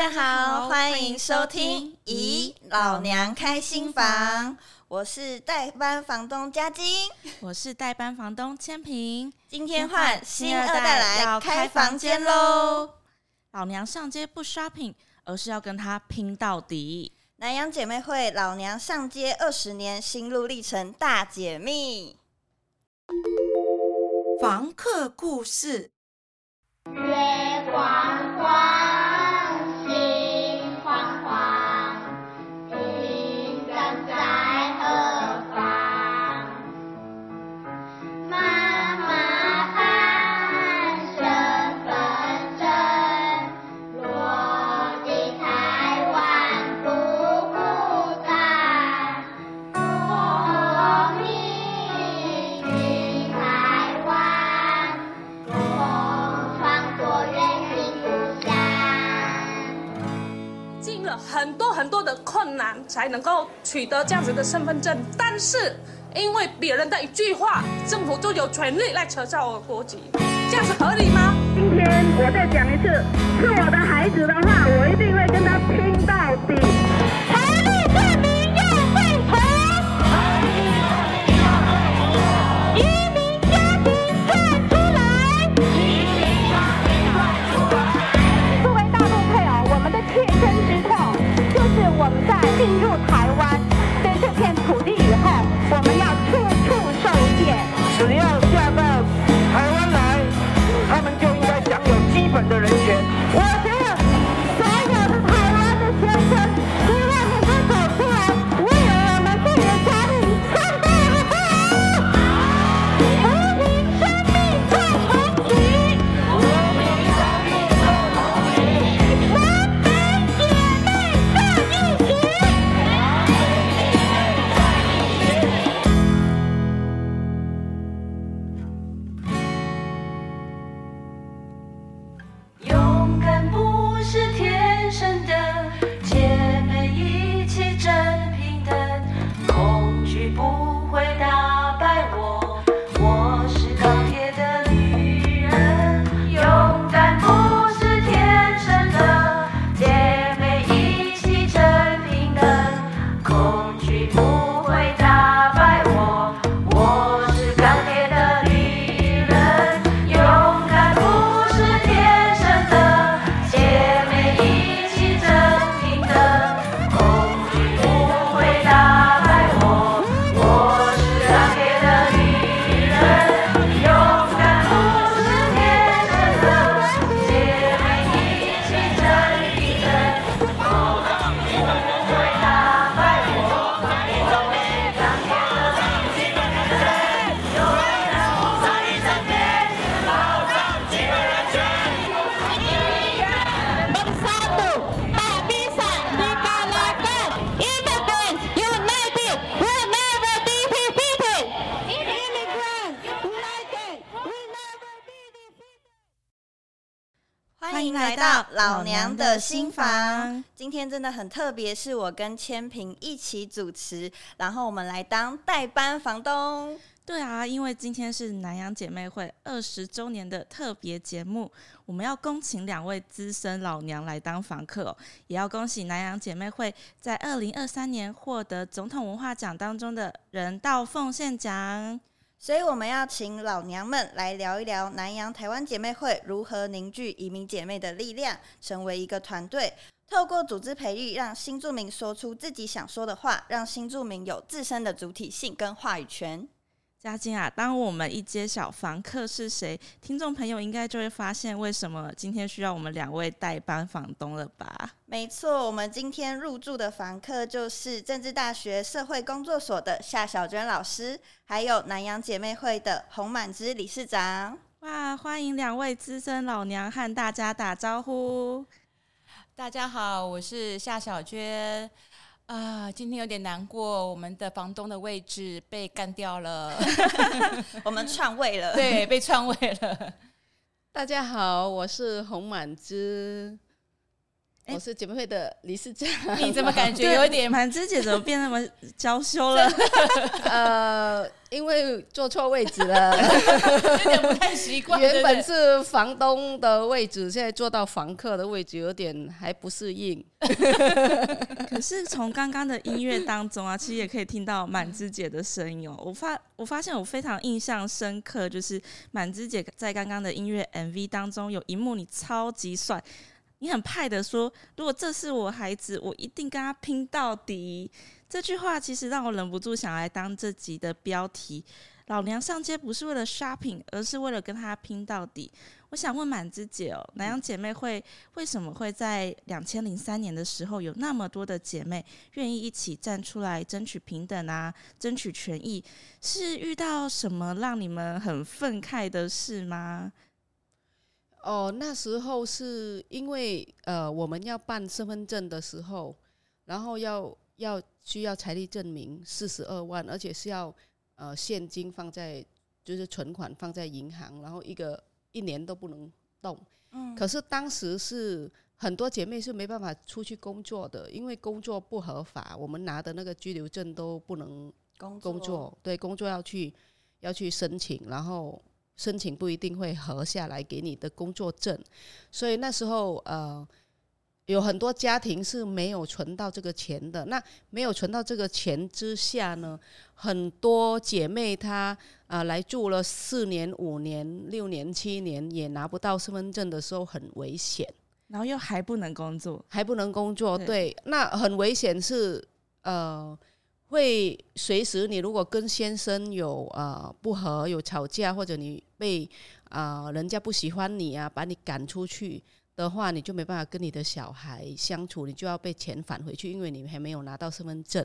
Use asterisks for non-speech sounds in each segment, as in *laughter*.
大家好，歡迎收聽《咦，老娘開新房》。我是代班房東佳晶，我是代班房東千萍。今天換新二代來開房間嘍！老娘上街不 shopping，而是要跟它拼到底。南洋姊妹會，老娘上街二十年心路歷程大解密。房客故事。月光光。才能夠取得這樣子的身份證，但是因為別人的一句話，政府就有權利來撤銷國籍，這樣是合理嗎？今天我再講一次，是我的孩子的話，我一定會跟他拼到底。真的很特別，是我跟千萍一起主持，然後我們來當代班房東。對啊，因為今天是南洋姐妹會二十周年的特別節目，我們要恭請兩位資深老娘來當房客哦，也要恭喜南洋姐妹會在二零二三年獲得總統文化獎當中的人道奉獻獎。所以我們要請老娘們來聊一聊南洋台灣姐妹會如何凝聚移民姐妹的力量，成為一個團隊。透過組織培育，讓新住民說出自己想說的話，讓新住民有自身的主體性跟話語權。佳晶啊，當我們一揭曉房客是誰，聽眾朋友應該就會發現為什麼今天需要我們兩位代班房東了吧？沒錯，我們今天入住的房客就是政治大學社會工作所的夏小娟老師，還有南洋姐妹會的洪滿枝理事長。哇，歡迎兩位資深老娘和大家打招呼。大家好，我是夏小娟，啊，今天有點難過，我們的房東的位置被幹掉了， *laughs* *laughs* *laughs* *laughs* 我們篡位了，對，被篡位了。 *laughs* 大家好，我是洪滿之。我是姐妹會的理事長，你怎麼感覺有一點滿枝姐怎麼變那麼嬌羞了？ *laughs* *laughs* 呃，因為坐錯位置了，有 *laughs* 點不太習慣。原本是房東的位置， *laughs* 現在坐到房客的位置，有點還不適應。 *laughs* *laughs* 可是從剛剛的音樂當中啊，其實也可以聽到滿枝姐的聲音哦。我發，我發現我非常印象深刻，就是滿枝姐在剛剛的音樂 MV 當中有一幕，你超級帥。你很派的說，如果這是我孩子，我一定跟他拼到底。這句話其實讓我忍不住想來當這集的標題：老娘上街不是為了 shopping，而是為了跟他拼到底。我想問滿枝姐哦，南洋姐妹會為什麼會在兩千零三年的時候有那麼多的姐妹願意一起站出來爭取平等啊，爭取權益？是遇到什麼讓你們很憤慨的事嗎？哦，那時候是因為呃，我們要辦身份證的時候，然後要要需要財力證明四十二萬，而且是要呃現金放在，就是存款放在銀行，然後一個一年都不能動。嗯。可是當時是很多姐妹是沒辦法出去工作的，因為工作不合法，我們拿的那個居留證都不能工作工作，對工作要去要去申請，然後。申請不一定會核下來給你的工作證，所以那時候呃，有很多家庭是沒有存到這個錢的。那沒有存到這個錢之下呢，很多姐妹她啊、呃、來住了四年、五年、六年、七年也拿不到身份證的時候很危險，然後又還不能工作，還不能工作，對，對那很危險是呃。會隨時，你如果跟先生有啊、呃、不和，有吵架，或者你被啊、呃、人家不喜歡你啊，把你趕出去的話，你就沒辦法跟你的小孩相處，你就要被遣返回去，因為你還沒有拿到身份證。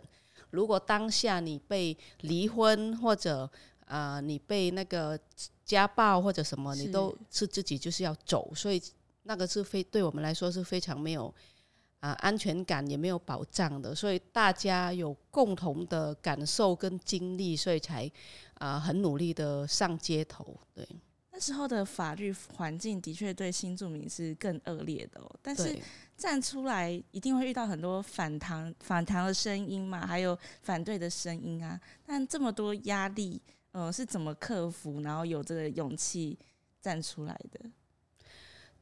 如果當下你被離婚，或者啊、呃、你被那個家暴或者什麼，你都是自己就是要走，所以那個是非對我們來說是非常沒有。啊，安全感也沒有保障的，所以大家有共同的感受跟經歷，所以才啊很努力的上街頭。對，那時候的法律環境的確對新住民是更惡劣的哦，但是站出來一定會遇到很多反彈、反彈的聲音嘛，還有反對的聲音啊。但這麼多壓力，嗯、呃，是怎麼克服，然後有這個勇氣站出來的？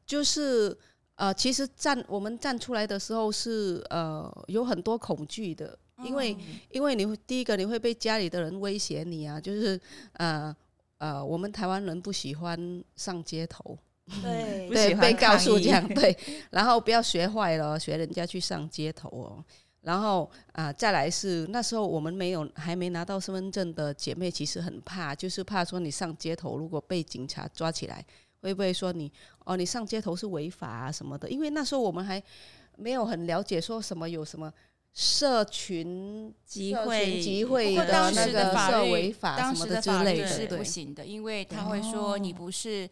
就是。呃，其實站我們站出來的時候是呃有很多恐懼的，因為、哦、因為你會第一個你會被家裡的人威脅你啊，就是呃呃我們台灣人不喜歡上街頭，對、嗯、不喜歡對被告訴這樣對，然後不要學壞了， *laughs* 學人家去上街頭哦，然後啊、呃、再來是那時候我們沒有還沒拿到身份證的姐妹其實很怕，就是怕說你上街頭如果被警察抓起來，會不會說你哦？你上街頭是違法啊什麼的？因為那時候我們還沒有很了解說什麼有什麼社群集會集會的那個算違法，當時的法律是不行的。因為他會說你不是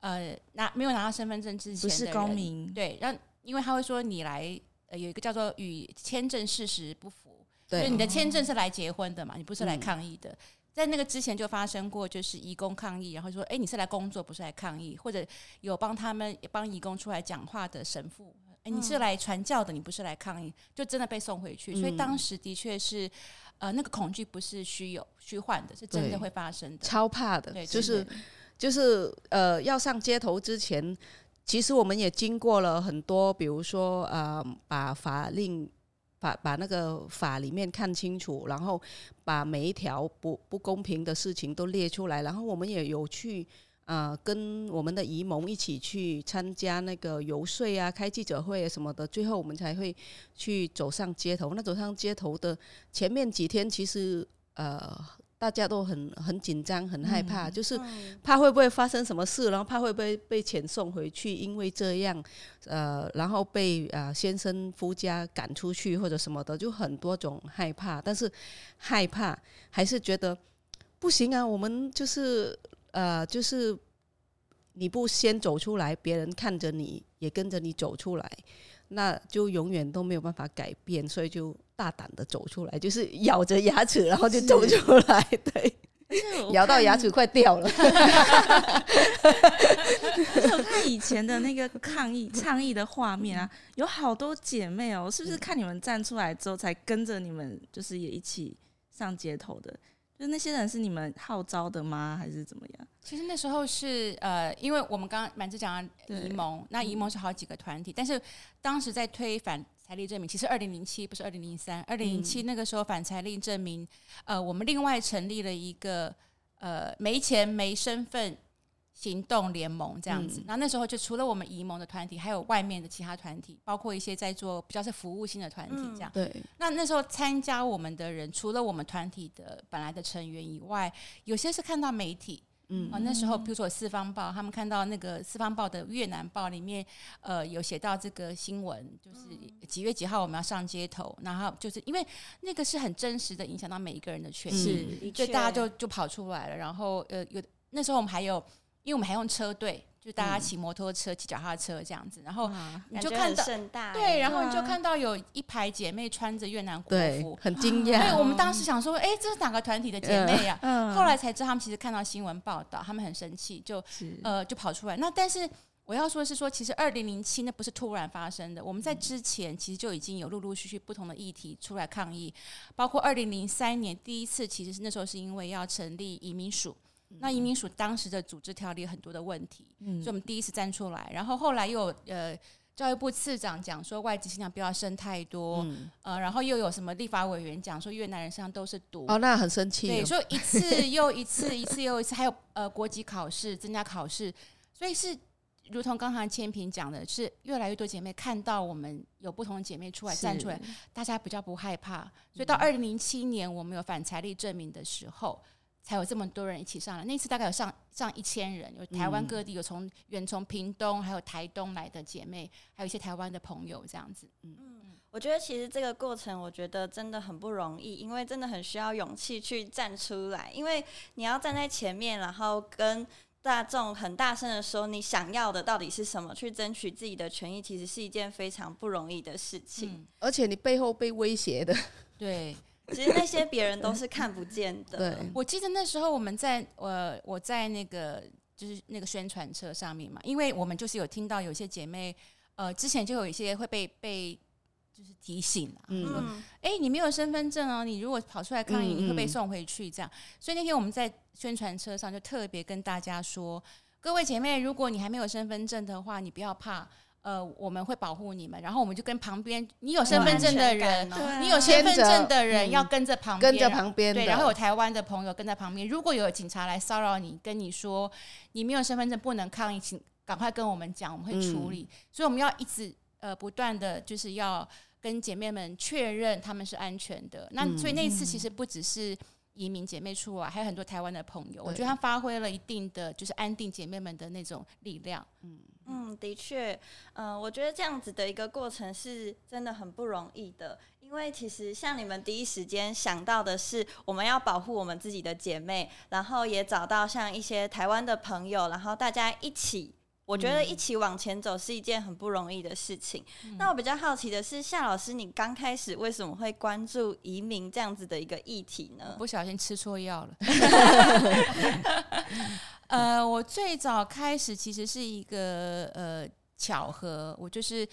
呃拿沒有拿，拿到身份證之前的不是公民，對讓，因為他會說你來呃有一個叫做與簽證事實不符，對，所以你的簽證是來結婚的嘛，嗯，你不是來抗議的。在那個之前就發生過，就是移工抗議，然後說：“哎、欸，你是來工作，不是來抗議。”或者有幫他們幫移工出來講話的神父：“欸、你是來傳教的，你不是來抗議。”就真的被送回去。所以當時的確是，嗯，呃，那個恐懼不是虛有虛幻的，是真的會發生的。的。超怕的，對，對對對，就是就是呃，要上街頭之前，其實我們也經過了很多，比如說呃，把法令。把把那個法裡面看清楚，然後把每一條不不公平的事情都列出來，然後我們也有去啊、呃、跟我們的移盟一起去參加那個遊說啊、開記者會啊什麼的，最後我們才會去走上街頭。那走上街頭的前面幾天，其實呃。大家都很很緊張，很害怕，嗯，就是怕會不會發生什麼事，然後怕會不會被遣送回去，因為這樣，呃，然後被啊，呃，先生夫家趕出去或者什麼的，就很多種害怕。但是害怕還是覺得不行啊，我們就是呃，就是你不先走出來，別人看着你也跟着你走出來，那就永遠都沒有辦法改變，所以就大膽的走出來，就是咬着牙齒，然後就走出來，對，咬到牙齒快掉了。 *laughs* *laughs* 我看以前的那個抗議，倡議的畫面啊，有好多姐妹哦、喔，是不是看你們站出來之後，才跟着你們，就是也一起上街頭的？就那些人是你們號召的嗎？還是怎麼樣？其實那時候是呃，因為我們剛剛蠻子講了移盟，那移盟是好幾個團體，嗯、但是當時在推反財力證明。其實二零零七不是二零零三，二零零七那個時候反財力證明，呃，我們另外成立了一個呃，沒錢沒身份。行動聯盟這樣子，嗯，那那時候就除了我們移盟的團體，還有外面的其他團體，包括一些在做比較是服務性的團體這樣。對。那那時候參加我們的人，除了我們團體的本來的成員以外，有些是看到媒體，嗯，啊，那時候比如說《四方報》，他們看到那個《四方報》的越南報裡面，呃，有寫到這個新聞，就是幾月幾號我們要上街頭，然後就是因為那個是很真實的影響到每一個人的權益，所以大家就就跑出來了。然後呃，有那時候我們還有。因為我們還用車隊，就大家騎摩托車、騎、嗯、腳踏車這樣子，然後你就看到、嗯，對，然後你就看到有一排姐妹穿着越南國服，很驚艷。對我們當時想說，哎、欸，這是哪個團體的姐妹呀、啊嗯嗯？後來才知道，他們其實看到新聞報道他們很生氣，就呃就跑出來。那但是我要說的是說，說其實二零零七那不是突然發生的，我們在之前其實就已經有陸陸續續不同的議題出來抗議，包括二零零三年第一次，其實是那時候是因為要成立移民署。那移民署當時的組織條例很多的問題、嗯，所以我們第一次站出來，然後後來又有呃教育部次長講說外籍新娘不要生太多、嗯，呃，然後又有什麼立法委員講說越南人身上都是毒。哦，那很生氣、哦，對，所以一次又一次， *laughs* 一次又一次，還有呃國籍考試增加考試，所以是如同剛剛千萍講的是，是越來越多姐妹看到我們有不同的姐妹出來站出來，大家比較不害怕，所以到二零零七年我們有反財力證明的時候。嗯才有這麼多人一起上來。那次大概有上上一千人，有台灣各地，有從遠從屏東還有台東來的姐妹，還有一些台灣的朋友這樣子。嗯嗯，我覺得其實這個過程，我覺得真的很不容易，因為真的很需要勇氣去站出來，因為你要站在前面，然後跟大眾很大聲的說你想要的到底是什麼，去爭取自己的權益，其實是一件非常不容易的事情。嗯，而且你背後被威脅的，對。其 *laughs* 實那些別人都是看不見的。 *laughs* 對，我記得那時候我們在，我、呃、我在那個就是那個宣傳車上面嘛，因為我們就是有聽到有些姐妹，呃，之前就有一些會被被就是提醒、啊、嗯，哎、欸，你沒有身份證哦，你如果跑出來抗議，嗯嗯，你會被送回去這樣。所以那天我們在宣傳車上就特別跟大家說，各位姐妹，如果你還沒有身份證的話，你不要怕。呃，我們會保護你們，然後我們就跟旁邊，你有身份證的人，嗯、你有身份證的人要跟着旁邊，跟著旁邊，對，然後有台灣的朋友跟在旁邊。如果有警察來騷擾你，跟你說你沒有身份證不能抗議，請趕快跟我們講，我們會處理。嗯、所以我們要一直呃，不斷的就是要跟姐妹們確認她們是安全的、嗯。那所以那次其實不只是移民姐妹出來，還有很多台灣的朋友，我覺得他發揮了一定的，就是安定姐妹們的那種力量。嗯。嗯，的確，嗯、呃，我覺得這樣子的一個過程是真的很不容易的，因為其實像你們第一時間想到的是，我們要保護我們自己的姐妹，然後也找到像一些台灣的朋友，然後大家一起，我覺得一起往前走是一件很不容易的事情。嗯、那我比較好奇的是，夏老師，你剛開始為什麼會關注移民這樣子的一個議題呢？不小心吃錯藥了。 *laughs* *laughs* 呃，我最早開始其實是一個呃巧合，我就是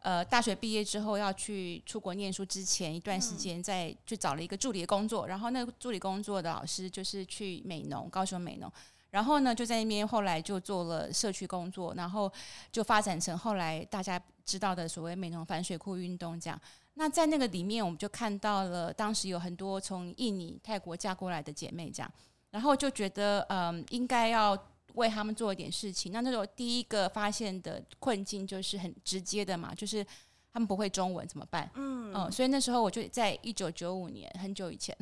呃大學畢業之後要去出國念書之前一段時間在，在、嗯、就找了一個助理的工作，然後那個助理工作的老師就是去美濃，高雄美濃，然後呢就在那邊後來就做了社區工作，然後就發展成後來大家知道的所謂美濃反水庫運動這樣。那在那個裡面，我們就看到了當時有很多從印尼、泰國嫁過來的姐妹這樣。然後就覺得，嗯，應該要為他們做一點事情。那那時候第一個發現的困境就是很直接的嘛，就是他們不會中文怎麼辦？嗯，呃，所以那時候我就在一九九五年很久以前，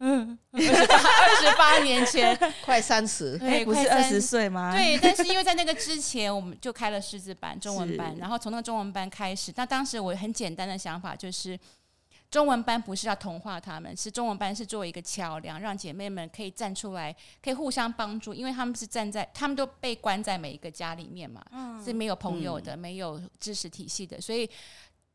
嗯，二十八年前，快三十，不是二十歲嗎？對，但是因為在那個之前，我們就開了識字班、中文班，然後從那個中文班開始，那當時我很簡單的想法就是。中文班不是要同化他們，是中文班是做一個橋樑，讓姐妹們可以站出來，可以互相幫助，因為他們是站在，他們都被關在每一個家裡面嘛，嗯、是沒有朋友的，沒有知識體系的，所以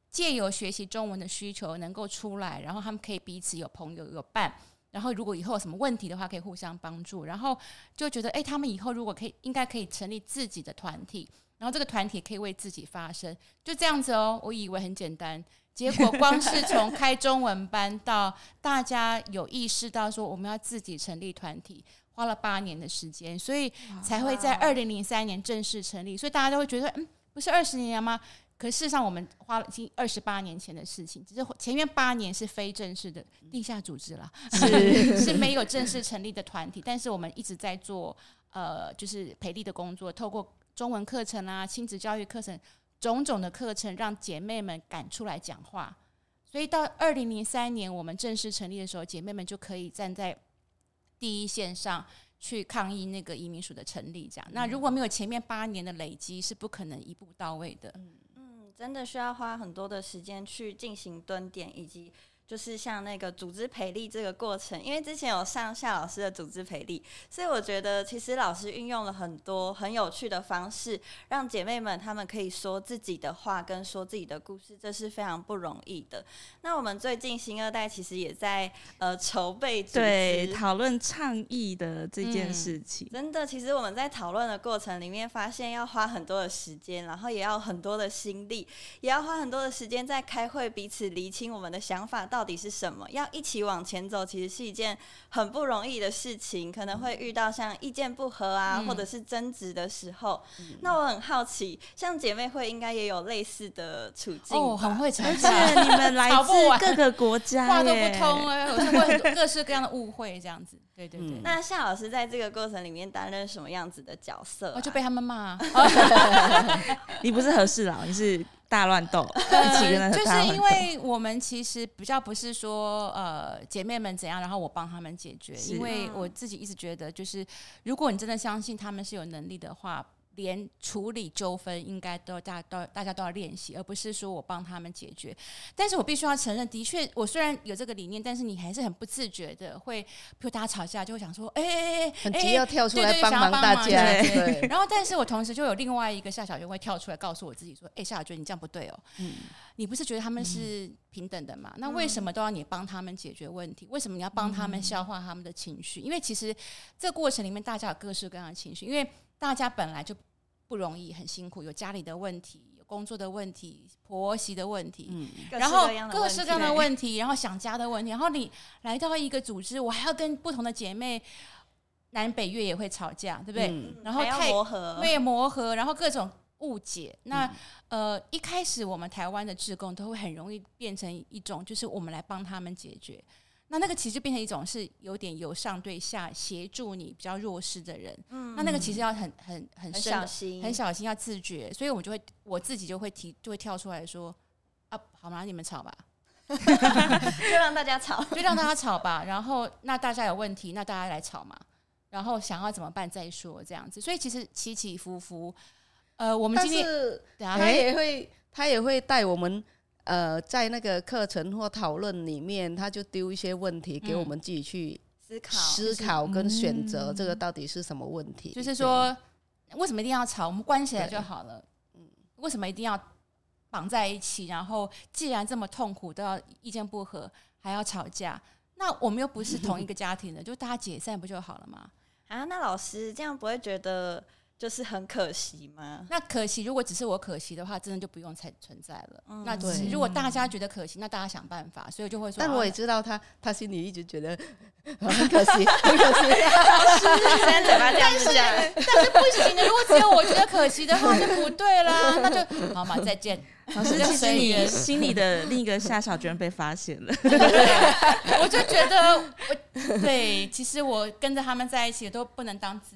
借由學習中文的需求能夠出來，然後他們可以彼此有朋友有伴，然後如果以後有什麼問題的話，可以互相幫助，然後就覺得，哎、欸，他們以後如果可以，應該可以成立自己的團體，然後這個團體可以為自己發聲，就這樣子哦、喔，我以為很簡單。結果光是從開中文班到大家有意識到說我們要自己成立團體，花了八年的時間，所以才會在二零零三年正式成立。所以大家都會覺得，嗯，不是二十年嗎？可是事實上，我們花了近二十八年前的事情，只是前面八年是非正式的地下組織了，是是沒有正式成立的團體，但是我們一直在做呃，就是培力的工作，透過中文課程啊、親子教育課程。種種的課程讓姐妹們敢出來講話，所以到二零零三年我們正式成立的時候，姐妹們就可以站在第一線上去抗議那個移民署的成立。這樣，那如果沒有前面八年的累積，是不可能一步到位的嗯。嗯，真的需要花很多的時間去進行蹲點以及。就是像那個組織培力這個過程，因為之前有上夏老師的組織培力，所以我覺得其實老師運用了很多很有趣的方式，讓姐妹們她們可以說自己的話跟說自己的故事，這是非常不容易的。那我們最近新二代其實也在呃籌備對討論倡議的這件事情、嗯。真的，其實我們在討論的過程裡面發現要花很多的時間，然後也要很多的心力，也要花很多的時間在開會，彼此釐清我們的想法到。到底是什麼？要一起往前走，其實是一件很不容易的事情。可能會遇到像意見不合啊，嗯、或者是爭執的時候、嗯。那我很好奇，像姐妹會應該也有類似的處境哦，很會吵架。而且你們來自各個國家，話都不通哎、欸， *laughs* 我見過各式各樣的誤會這樣子。對對對，嗯、那夏老師在這個過程裡面擔任什麼樣子的角色、啊？我就被他們罵。 *laughs* 你不是和事佬，你是。大亂鬥、 *laughs* 呃，就是因為我們其實比較不是說，呃，姐妹們怎樣，然後我幫他們解決，啊、因為我自己一直覺得，就是如果你真的相信他們是有能力的話。連處理糾紛應該都大都大家都要練習，而不是說我幫他們解決。但是我必須要承認，的確，我雖然有這個理念，但是你還是很不自覺的會，比如大家吵架就會想說，哎哎哎，很急要跳出來幫忙大家。對,對,對,對,對,對,對,對。然後，但是我同時就有另外一個夏曉鵑會跳出來告訴我自己說，哎、欸，夏曉鵑，你這樣不對哦、喔。嗯。你不是覺得他們是平等的嗎？嗯、那為什麼都要你幫他們解決問題？為什麼你要幫他們消化他們的情緒、嗯？因為其實這個過程裡面，大家有各式各樣的情緒，因為大家本來就。不容易，很辛苦，有家裡的問題，有工作的問題，婆媳的問題，嗯、然後各式各樣的問題，各式各樣的問題，然後想家的問題，然後你來到一個組織，我還要跟不同的姐妹，南北越也會吵架，對不對？嗯、然後還要磨合，對，磨合，然後各種誤解。那、嗯、呃，一開始我們台灣的志工都會很容易變成一種，就是我們來幫他們解決。那那個其實變成一種是有點由上對下協助你比較弱勢的人，嗯，那那個其實要很很很小，很小心，很小心要自覺，所以我們就會我自己就會提就會跳出來說啊，好嘛，你們吵吧， *laughs* *laughs* 就讓大家吵，就讓大家吵吧。然後那大家有問題，那大家來吵嘛。然後想要怎麼辦再說這樣子。所以其實起起伏伏，呃，我們今天是他也會、欸、他也會帶我們。呃，在那個課程或討論裡面，他就丟一些問題給我們自己去思考、思考跟選擇，這個到底是什麼問題、嗯？就是說，為什麼一定要吵？我們關起來就好了。嗯，為什麼一定要綁在一起？然後，既然這麼痛苦，都要意見不合，還要吵架？那我們又不是同一個家庭的，嗯、就大家解散不就好了嗎？啊，那老師這樣不會覺得？就是很可惜嘛。那可惜，如果只是我可惜的話，真的就不用存存在了。嗯、那對，如果大家覺得可惜，那大家想辦法。所以我就會說。但我也知道他，嗯、他心裡一直覺得很可惜， *laughs* 很可惜、啊。 *laughs* 老師 *laughs* 但是，但是不行的，如果只有我覺得可惜的話就不對啦。 *laughs* 那就，好嘛，再見。老師，就其實你心裡的另一個夏小娟居然被發現了。 *laughs* *laughs* 啊、我就覺得我，我對，其實我跟着他們在一起都不能當自。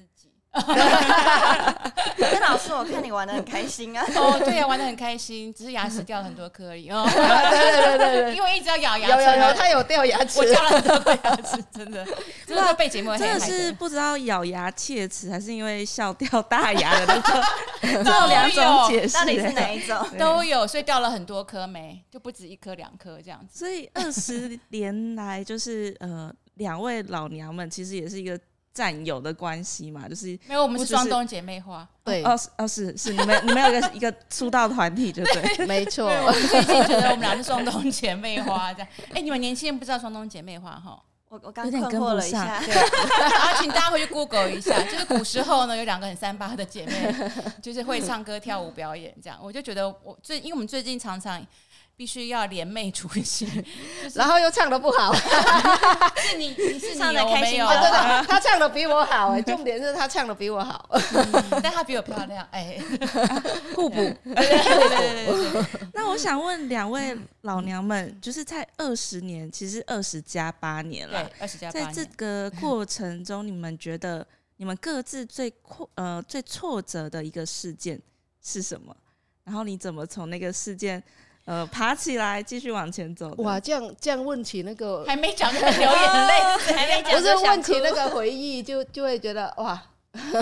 跟 *laughs* *laughs* 老師，我看你玩的很開心啊。哦、oh,，對呀，啊，玩的很開心，只是牙齒掉了很多顆而已。哦、oh,，對對對，對 *laughs* 因為一直要咬牙。有有有，他有掉牙齒，我掉了很多顆牙齒。真的， *laughs* 真的，就是，被節目真的是不知道咬牙切齒，還是因為笑掉大牙的那種哈哈 *laughs* 底有兩種解釋， *laughs* 到底是哪一種？ *laughs* 哪一種 *laughs* 都有，所以掉了很多顆沒，就不止一顆兩顆這樣子。所以二十年來，就是呃，兩位老娘們其實也是一個。戰友的關係嘛，就是沒有，我們是雙冬姐妹花，對，哦哦是是，你們你們有一個 *laughs* 一個出道的團體對，對不對？沒錯 *laughs* 沒，我最近覺得我們倆是雙冬姐妹花，這樣。哎，你們年輕人不知道雙冬姐妹花哈？我我剛有點困惑了一下，對 *laughs* *laughs* 啊，請大家回去 Google 一下，就是古時候呢有兩個很三八的姐妹，就是會唱歌跳舞表演這樣。我就覺得我最，因為我們最近常常。必須要聯袂出席，然後又唱得不好，是你，是，你 *laughs* 是，你是你唱得開心啊對對對！他唱得比我好哎， *laughs* 重點是他唱得比我好，嗯、 *laughs* 但他比我漂亮哎、欸啊，互補。對對對，對，對，對 *laughs* 那我想問兩位老娘們，就是在二十年，其實二十加八年了，在這個過程中，你們覺得你們各自最挫呃最挫折的一個事件是什麼？然後你怎麼從那個事件？呃，爬起來繼續往前走。哇，這樣這樣問起那個還沒講流眼淚，還沒講 *laughs* *laughs* *laughs* 不是問起那個回憶就，就就會覺得哇，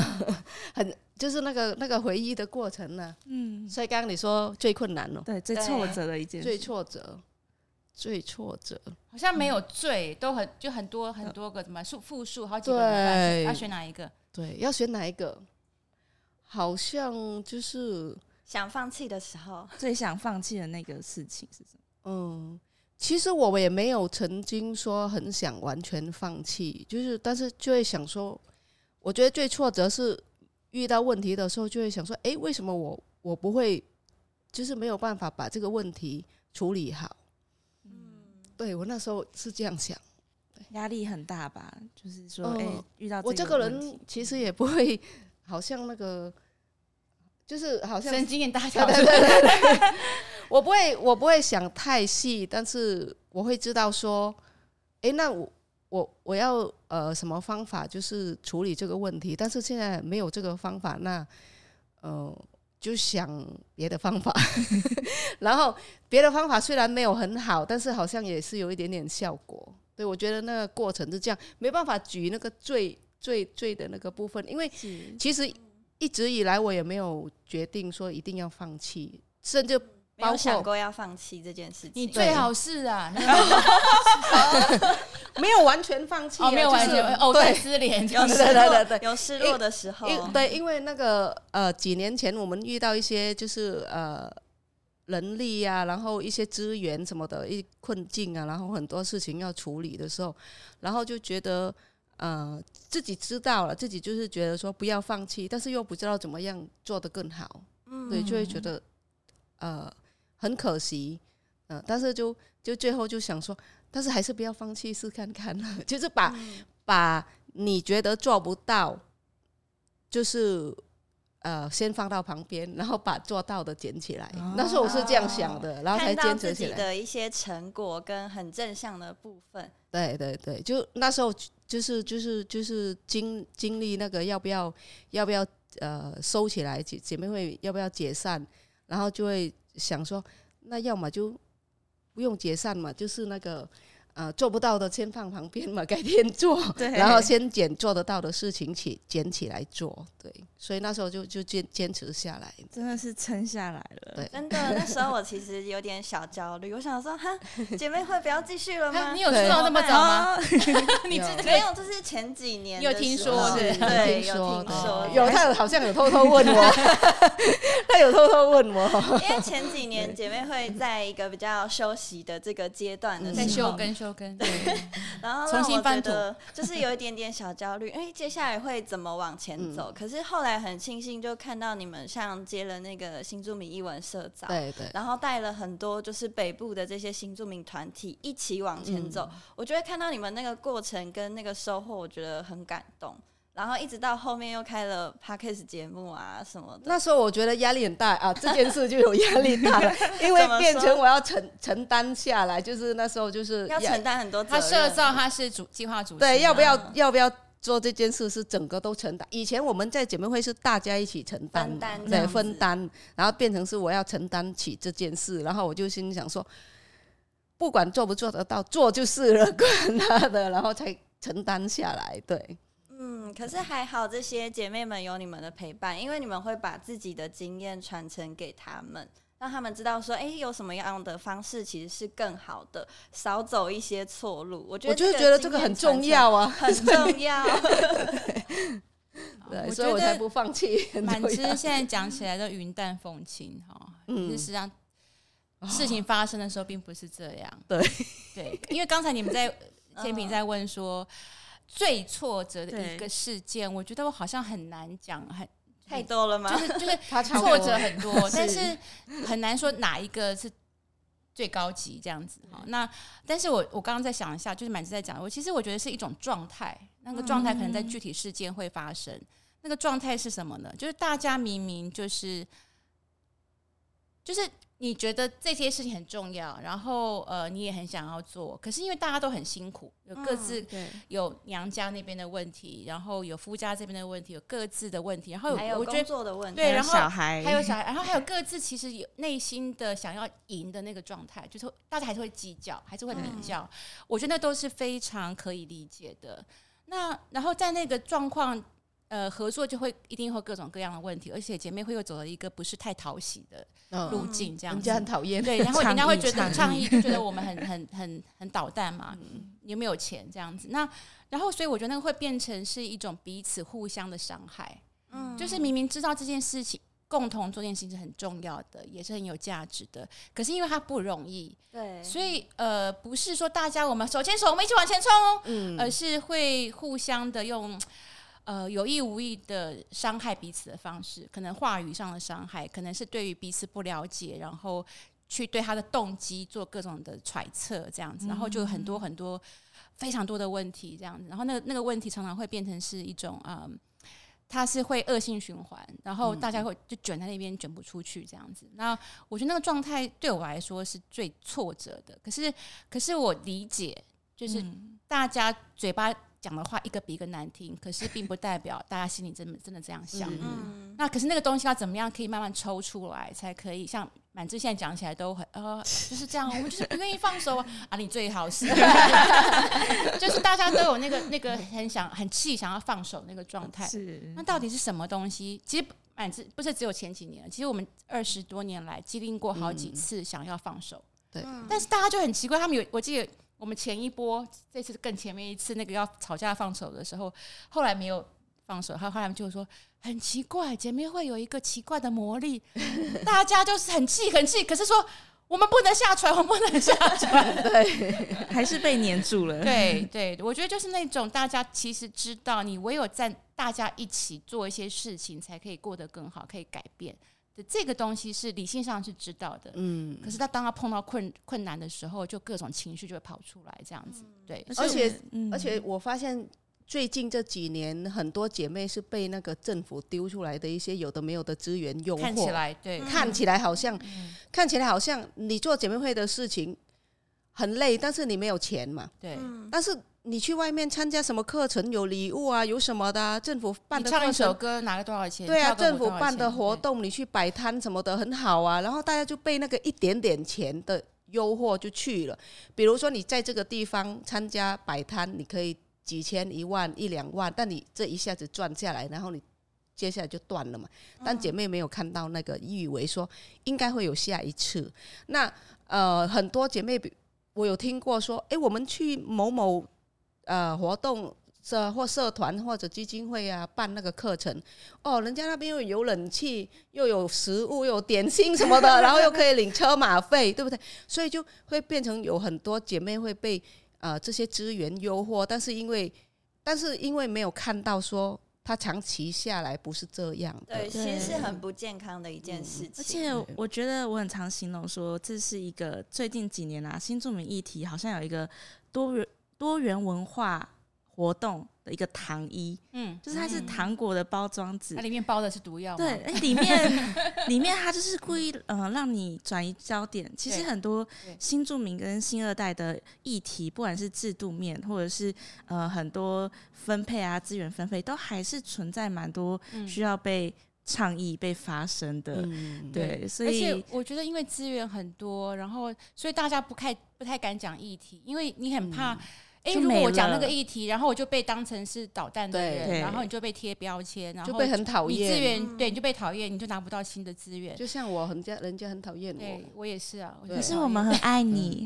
*laughs* 很就是那個那個回憶的過程呢、啊。嗯，所以剛剛你說最困難了、喔，對，最挫折的一件事，最挫折，最挫折，嗯、好像沒有最，都很就很多很多個，什麼數複數好幾個個？對，要選哪一個？對，要選哪一個？好像就是。想放棄的時候，最想放棄的那個事情是什麼？嗯，其實我也沒有曾經說很想完全放棄，就是但是就會想說，我覺得最挫折是遇到問題的時候就會想說，欸，為什麼我我不會，就是沒有辦法把這個問題處理好？嗯，對，我那時候是這樣想，壓力很大吧？就是說，欸，嗯，遇到這個問題。我這個人其實也不會，好像那個。就是好像神經大條，對對,對對對。我不會，我不會想太細，但是我會知道說，哎，那我我我要呃什麼方法就是處理這個問題？但是現在沒有這個方法，那呃就想別的方法。 *laughs* *laughs* 然後別的方法雖然沒有很好，但是好像也是有一點點效果。對，我覺得那個過程是這樣，沒辦法舉那個最最最的那個部分，因為其實。一直以來，我也沒有決定說一定要放棄，甚至沒有想過要放棄這件事情。你最好是啊、 *laughs* *laughs* *laughs* 哦，沒有完全放棄，哦，沒有完全失聯，有對對對，有失落的時候。對，對，因為那個呃，幾年前我們遇到一些就是呃人力呀、啊，然後一些資源什麼的一困境啊，然後很多事情要處理的時候，然後就覺得。嗯、呃，自己知道了，自己就是覺得說不要放棄，但是又不知道怎麼樣做得更好，嗯，對，就會覺得呃很可惜，嗯、呃，但是就就最後就想說，但是還是不要放棄試看看，就是把、嗯、把你覺得做不到，就是。呃，先放到旁邊，然後把做到的撿起來。哦、那時候我是這樣想的，哦、然後才堅持起來。看到自己的一些成果跟很正向的部分。對對對，就那時候就是就是就是經經歷那個要不要要不要呃收起來姐姐妹會要不要解散，然後就會想說，那要麼就不用解散嘛，就是那個。呃，做不到的先放旁邊嘛，改天做。對。然後先撿做得到的事情起撿起來做。對。所以那時候就就堅堅持下來，真的是撐下來了。對。 *laughs* 真的，那時候我其實有點小焦慮，我想說哈，姐妹會不要繼續了嗎？你有知道那麼早嗎？哦、 *laughs* 你記得 *laughs* 有沒有，這、就是前幾年。有聽說的。對，有聽說。哦、有他好像有偷偷問我。 *laughs* *laughs* 他有偷偷問我，因為前幾年姐妹會在一個比較休息的這個階段的時候。在、嗯、休。然後讓我覺得就是有一點點小焦慮，哎，接下來會怎麼往前走？嗯、可是後來很慶幸，就看到你們像接了那個新住民譯文社長，對對，然後帶了很多就是北部的這些新住民團體一起往前走，嗯，我覺得看到你們那個過程跟那個收穫，我覺得很感動。然後一直到後面又開了 podcast 節目啊什麼的，那時候我覺得壓力很大啊，這件事就有壓力大了， *laughs* 因為變成我要承承擔下來，就是那時候就是要，要承擔很多。他設造他是主計劃主對，要不要要不要做這件事是整個都承擔。以前我們在姐妹會是大家一起承擔，分對分擔，然後變成是我要承擔起這件事，然後我就心裡想說，不管做不做得到，做就是了，管他的，然後才承擔下來，對。嗯，可是還好這些姐妹們有你們的陪伴，因為你們會把自己的經驗傳承給他們，讓他們知道說，哎、欸，有什麼樣的方式其實是更好的，少走一些錯路。我覺得我就覺得這個很重要啊，很重要。對，對 *laughs* 所以我才不放棄。反之，現在講起來都雲淡風輕哈，事、哦嗯就是、實上、哦、事情發生的時候並不是這樣。對，對，因為剛才你們在前面在問說。哦最挫折的一個事件，我覺得我好像很難講，很太多了嗎？就是就是挫折很多， *laughs* 但是很難說哪一個是最高級這樣子哈、嗯。那但是我我剛剛在想一下，就是滿子在講，我其實我覺得是一種狀態，那個狀態可能在具體事件會發生，嗯、那個狀態是什麼呢？就是大家明明就是就是。你覺得這些事情很重要，然後呃，你也很想要做，可是因為大家都很辛苦，有各自、嗯、有娘家那邊的問題，然後有夫家這邊的問題，有各自的問題，然後有有工作的問題，對，對，然後小孩，還有小孩，然後還有各自其實有內心的想要贏的那個狀態，就是大家還是會計較，還是會比較、嗯，我覺得那都是非常可以理解的。那然後在那個狀況。呃，合作就會一定會有各種各樣的問題，而且姐妹會又走了一個不是太討喜的路徑，這樣子，嗯、人家很討厭，對，然後人家會覺得倡議就覺得我們很很很很搗蛋嘛，你、嗯、沒有錢這樣子，那然後所以我覺得那個會變成是一種彼此互相的傷害，嗯，就是明明知道這件事情，共同做件事情是很重要的，也是很有價值的，可是因為它不容易，對，所以呃，不是說大家我們手牽手，我們一起往前衝，哦、嗯，而是會互相的用。呃，有意無意的傷害彼此的方式，可能話語上的傷害，可能是對於彼此不了解，然後去對他的動機做各種的揣測，這樣子，然後就有很多很多非常多的問題，這樣子，然後那個那個問題常常會變成是一種，嗯，他是會惡性循環，然後大家會就卷在那邊卷不出去，這樣子。那我覺得那個狀態對我來說是最挫折的，可是可是我理解，就是大家嘴巴。講的話一個比一個難聽，可是並不代表大家心裡真的真的這樣想、嗯。那可是那個東西要怎麼樣可以慢慢抽出來，才可以像滿志現在講起來都很呃就是這樣，我們就是不願意放手啊！ *laughs* 啊你最好是 *laughs* *laughs* 就是大家都有那個那個很想很氣想要放手那個狀態。是那到底是什麼東西？其實滿志不是只有前幾年，其實我們二十多年來經歷過好幾次想要放手、嗯。對，但是大家就很奇怪，他們有我記得。我們前一波，這次更前面一次那個要吵架放手的時候，後來沒有放手，他後來就說很奇怪，姊妹會有一個奇怪的魔力， *laughs* 大家就是很氣很氣，可是說我們不能下船，我們不能下船， *laughs* 對， *laughs* 對，還是被黏住了。對對，我覺得就是那種大家其實知道，你唯有在大家一起做一些事情，才可以過得更好，可以改變。這個東西是理性上是知道的，嗯，可是他當他碰到困困難的時候，就各種情緒就會跑出來，這樣子，對。而且、嗯、而且我發現最近這幾年很多姐妹是被那個政府丟出來的一些有的沒有的資源誘惑，看起來對，看起來好像、嗯，看起來好像你做姐妹會的事情。很累，但是你沒有錢嘛？對、嗯，但是你去外面參加什麼課程，有禮物啊，有什麼的、啊？政府辦的唱一首歌拿多少錢？對啊，政府辦的活動，你去擺攤什麼的很好啊。然後大家就被那個一點點錢的誘惑就去了。比如說你在這個地方參加擺攤，你可以幾千、一萬、一兩萬，但你這一下子賺下來，然後你接下來就斷了嘛。嗯、但姐妹沒有看到那個，以為說應該會有下一次。那呃，很多姐妹我有聽過說，誒，我們去某某呃活動社或社團或者基金會啊辦那個課程，哦，人家那邊又有冷氣，又有食物，又有點心什麼的， *laughs* 然後又可以領車馬費，對不對？所以就會變成有很多姐妹會被呃這些資源誘惑，但是因為但是因為沒有看到說。他長期下來不是這樣的，對，其實是很不健康的一件事情，嗯。而且我覺得我很常形容說，這是一個最近幾年啊新著名議題，好像有一個多元多元文化活動。的一個糖衣，嗯，就是它是糖果的包裝紙，它、嗯、裡面包的是毒藥。對，裡面 *laughs* 裡面它就是故意嗯、呃，讓你轉移焦點。其實很多新住民跟新二代的議題，不管是制度面，或者是呃很多分配啊資源分配，都還是存在蠻多需要被倡議、被發聲的。嗯、對，所以而且我覺得，因為資源很多，然後所以大家不太不太敢講議題，因為你很怕、嗯。因為如果我講那個議題，然後我就被當成是搗蛋的人對對，然後你就被貼標籤，然後就被很討厭資源對，你就被討厭，你就拿不到新的資源。就像我很家人家很討厭我，我也是啊。可是我們很愛你，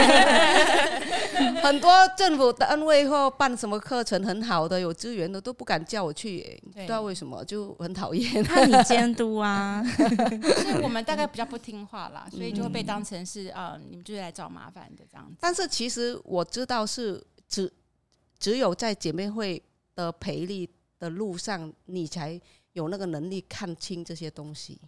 *laughs* *laughs* 很多政府單位或辦什麼課程很好的有資源的都不敢叫我去。對，不知道為什麼就很討厭。 *laughs* 怕你監督啊， *laughs* 是我們大概比較不聽話啦，所以就會被當成是啊、嗯嗯，你們就是來找麻煩的這樣子。但是其實我知道是。是只只有在姐妹會的培力的路上，你才有那個能力看清這些東西。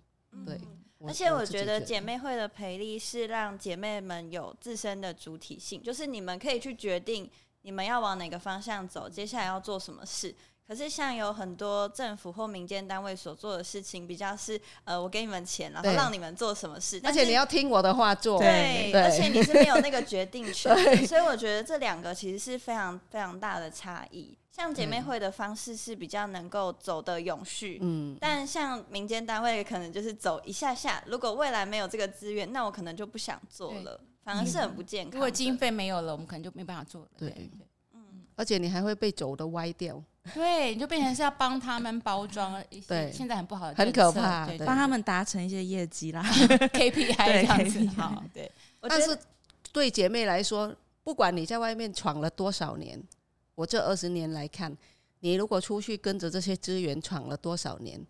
對，而且我覺得姐妹會的培力是讓姐妹們有自身的主體性，就是你們可以去決定你們要往哪個方向走，接下來要做什麼事。可是，像有很多政府或民間單位所做的事情，比較是呃，我給你們錢，然後讓你們做什麼事，而且你要聽我的話做對對。對，而且你是沒有那個決定權，所以我覺得這兩個其實是非常非常大的差異。像姐妹會的方式是比較能夠走得永續，嗯，但像民間單位可能就是走一下下。如果未來沒有這個資源，那我可能就不想做了，反而是很不健康。如果經費沒有了，我們可能就沒辦法做了。對。對。而且你還會被走的歪掉，對，你就變成是要幫他們包裝一些，對，現在很不好的，很可怕，幫他們達成一些業績啦 *laughs* ，KPI 這樣子，對，KPI。好，對。但是對姐妹來說，不管你在外面闖了多少年，我這二十年來看，你如果出去跟着這些資源闖了多少年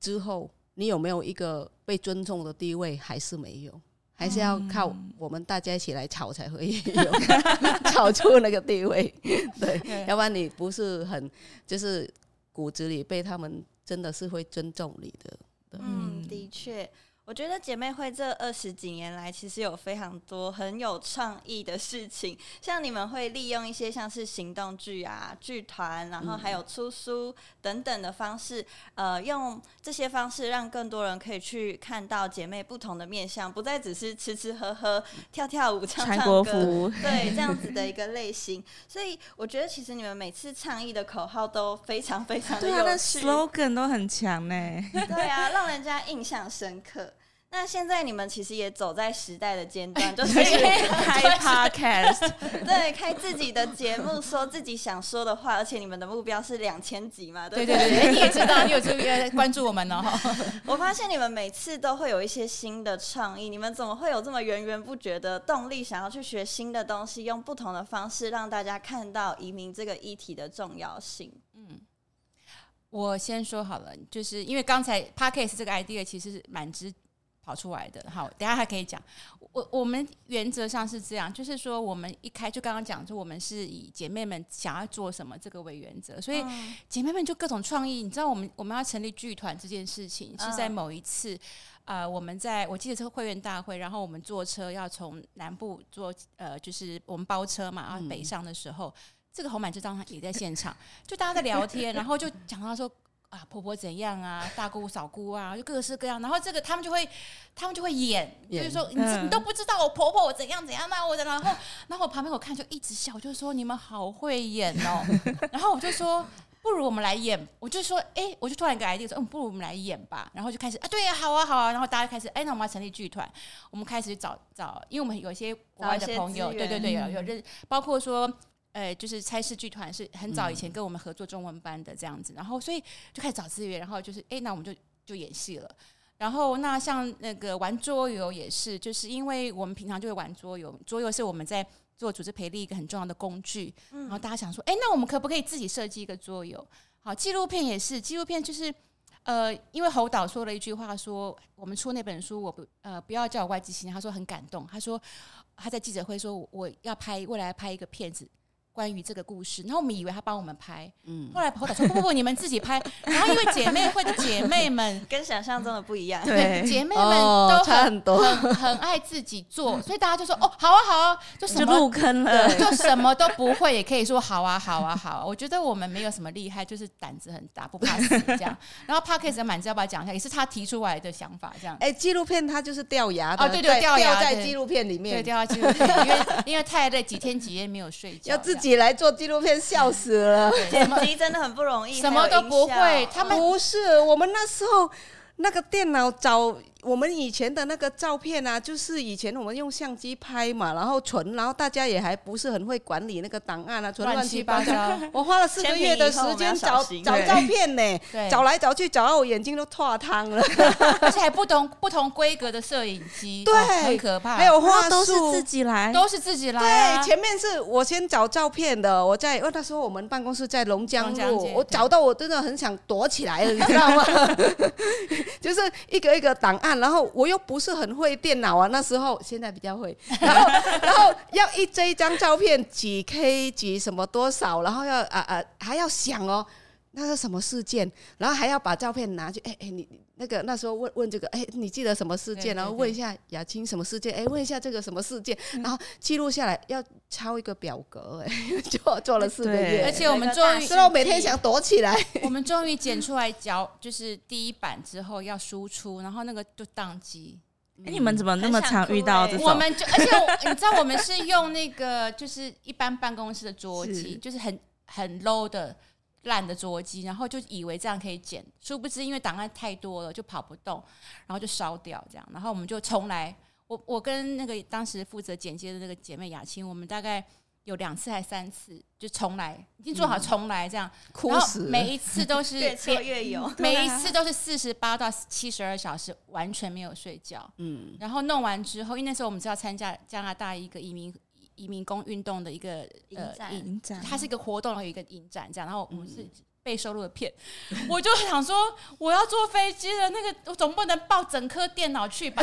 之後，你有沒有一個被尊重的地位，還是沒有？還是要靠我們大家一起來吵才會有， *laughs* *laughs* 吵出那個地位，對。對，要不然你不是很，就是骨子裡被他們真的是會尊重你的。對，嗯，的確。我覺得姐妹會這二十幾年來，其實有非常多很有創意的事情，像你們會利用一些像是行動劇啊、劇團，然後還有出書等等的方式、嗯、呃、用這些方式讓更多人可以去看到姐妹不同的面向，不再只是吃吃喝喝、跳跳舞、唱唱歌，國對，這樣子的一個類型。所以我覺得，其實你們每次倡議的口號都非常非常的有趣。對啊，那 slogan 都很強呢。 *laughs* 對啊，讓人家印象深刻。那現在你們其實也走在時代的尖端， *laughs* 就是開 podcast， *laughs* 對，開自己的節目，說自己想說的話，而且你們的目標是兩千集嘛？ *laughs* 對對對，對， *laughs* 你也知道， *laughs* 你有這個關注我們呢。 *laughs* *laughs* 我發現你們每次都會有一些新的創意，你們怎麼會有這麼源源不絕的動力，想要去學新的東西，用不同的方式讓大家看到移民這個議題的重要性？嗯，我先說好了，就是因為剛才 podcast 這個 idea 其實是蠻值得。跑出來的，好，等下還可以講。我我們原則上是這樣，就是說我們一開就剛剛講，就我們是以姐妹們想要做什麼這個為原則，所以姐妹們就各種創意。你知道，我們我們要成立劇團這件事情是在某一次啊、嗯呃，我們在我記得是會員大會，然後我們坐車要從南部坐呃，就是我們包車嘛，然後北上的時候，嗯、這個侯滿枝當時也在現場，就大家在聊天，然後就講到說。啊，婆婆怎樣啊？大姑小姑啊，就各式各樣。然後這個他們就會，他們就會演，演就是說你、嗯、你都不知道我婆婆我怎樣怎樣那、啊、我的。然後然後我旁邊我看就一直笑，我就說你們好會演哦。 *laughs* 然後我就說不如我們來演，我就說，哎，我就突然一個 idea 說，嗯不如我們來演吧。然後就開始啊對呀、啊、好啊好啊。然後大家就開始哎，那我們要成立劇團，我們開始找找，因為我們有一些國外的朋友，對對對有有認包括說。呃，就是差事劇團是很早以前跟我們合作中文班的這樣子，嗯、然後所以就開始找資源，然後就是哎，那我們就就演戲了。然後那像那個玩桌遊也是，就是因為我們平常就會玩桌遊，桌遊是我們在做組織培力一個很重要的工具。嗯、然後大家想說，哎，那我們可不可以自己設計一個桌遊？好，紀錄片也是，紀錄片就是呃，因為侯導說了一句話說，說我們出那本書，我不呃不要叫我外籍青年，他說很感動，他說他在記者會說我要拍未來拍一個片子。關於這個故事，然後我們以為他幫我們拍，嗯，後來跑達說不不不，你們自己拍。然後因為姐妹或者姐妹們跟想象中的不一樣，對，姐妹們都很、哦、很、多很、很愛自己做、嗯，所以大家就說、嗯、哦好啊好啊，就是。就入坑了，就什麼都不會也可以說好啊好啊好啊。我覺得我們沒有什麼厲害，就是膽子很大，不怕死這樣。然後 Parkes 也蠻知道，要不要講一下，也是他提出來的想法這樣。哎、欸，紀錄片他就是掉牙的，哦對，對對，掉牙在紀錄片裡面，對，掉在紀錄片，因為因為太累，幾天幾夜沒有睡覺要自。自己來做紀錄片，笑死了！剪輯真的很不容易， *laughs* 什麼都不會。他們不是、嗯、我們那時候那個電腦早。我們以前的那個照片啊，就是以前我們用相機拍嘛，然後存，然後大家也還不是很會管理那個檔案啊，存亂七八糟、啊。我花了四個月的時間找找,找照片呢、欸，找來找去，找到我眼睛都脫窗了， *laughs* 而且還不同不同規格的攝影機，對，哦、很可怕。還有畫素，都是自己來，都是自己來、啊。對，前面是我先找照片的，我在，我、哦、那時候我們辦公室在龍江路龍江，我找到我真的很想躲起來了，你 *laughs* 知道嗎？ *laughs* 就是一個一個檔案。然後我又不是很會電腦啊，那時候現在比較會，然後然後要一這一張照片幾 K 幾什麼多少，然後要啊啊還要想哦。那個什麼事件，然後還要把照片拿去，哎、欸欸、你那個那時候問問這個，哎、欸，你記得什麼事件？然後問一下雅青什麼事件，哎、欸，問一下這個什麼事件，然後記錄下來，要抄一個表格、欸，哎，做做了四個月，而且我們終於，雖然我每天想躲起來，這個、我們終於剪出來剪，交就是第一版之後要輸出，然後那個就宕機。哎、欸嗯，你們怎麼那麼常遇到、欸？我們就而且 *laughs* 你知道，我們是用那個就是一般辦公室的桌機，就是很很 low 的。爛的桌機，然後就以為這樣可以剪，殊不知因為檔案太多了，就跑不動，然後就燒掉這樣，然後我們就重來。我我跟那個當時負責剪接的那個姐妹雅青，我們大概有兩次還三次就重來，已經做好重來這樣，嗯、然後每一次都是越挫越勇，每一次都是四十八到七十二小時完全沒有睡覺，嗯，然後弄完之後，因為那時候我們是要參加加拿大一個移民。移民工運動的一個呃，影展，就是，它是一個活動，有一個影展這樣，然後我們是被收錄的片，嗯，我就想說我要坐飛機的那個我總不能抱整顆電腦去吧，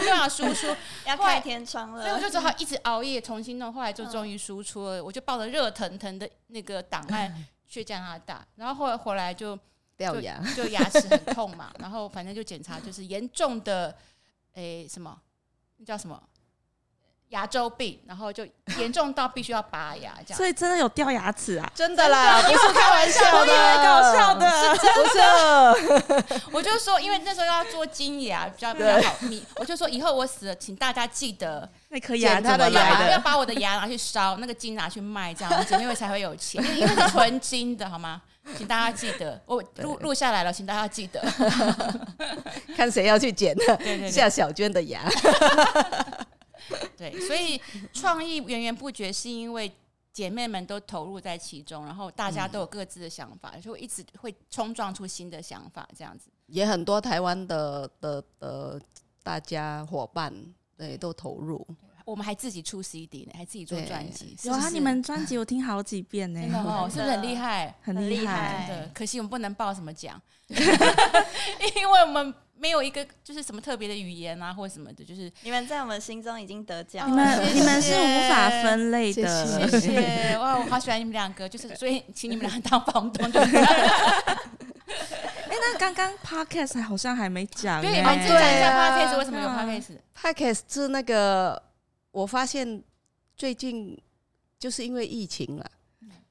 又要輸出，要開天窗了，嗯，所以我就只好一直熬夜重新弄，後來就終於輸出了，嗯，我就抱着熱騰騰的那個檔案去加拿大，然後後來回來就掉牙，就牙齒很痛嘛， *laughs* 然後反正就檢查，就是嚴重的，哎，欸，什麼叫什麼？牙周病，然後就嚴重到必須要拔牙，這樣。所以真的有掉牙齒啊？真的啦， *laughs* 不是開玩笑的， *laughs* 我開搞笑的，是真的，真的。我就說，因為那時候要做金牙，比較比較好。我就說，以後我死了，請大家記得。那顆牙啊，他的牙，牙要把我的牙拿去燒，那個金拿去賣，這樣我們姐妹會才會有錢，因為是純金的，好嗎？請大家記得，我錄錄下來了，請大家記得， *laughs* 看誰要去剪的，下小娟的牙。 *laughs* 對，所以創意源源不絕，是因為姐妹們都投入在其中，然後大家都有各自的想法，所以、嗯、我一直會衝撞出新的想法，這樣子。也很多台灣的的的大家夥伴，對，對都投入。我們還自己出 CD 呢，還自己做專輯。是是有啊，你們專輯我聽好幾遍呢，哦，是不是很厲害？很厲害，對。可惜我們不能報什麼獎， *laughs* 因為我們。沒有一個就是什麼特別的語言啊，或者什麼的，就是你們在我們心中已經得獎了，哦、你們謝謝你們是無法分類的。謝謝哇，我好喜歡你們兩個，就是所以請你們倆當房東 *laughs* *laughs* 哎，那剛剛 Podcast 好像還沒講，你們對對，Podcast 為什麼有 Podcast？Podcast、啊、Podcast 是那個我發現最近就是因為疫情了，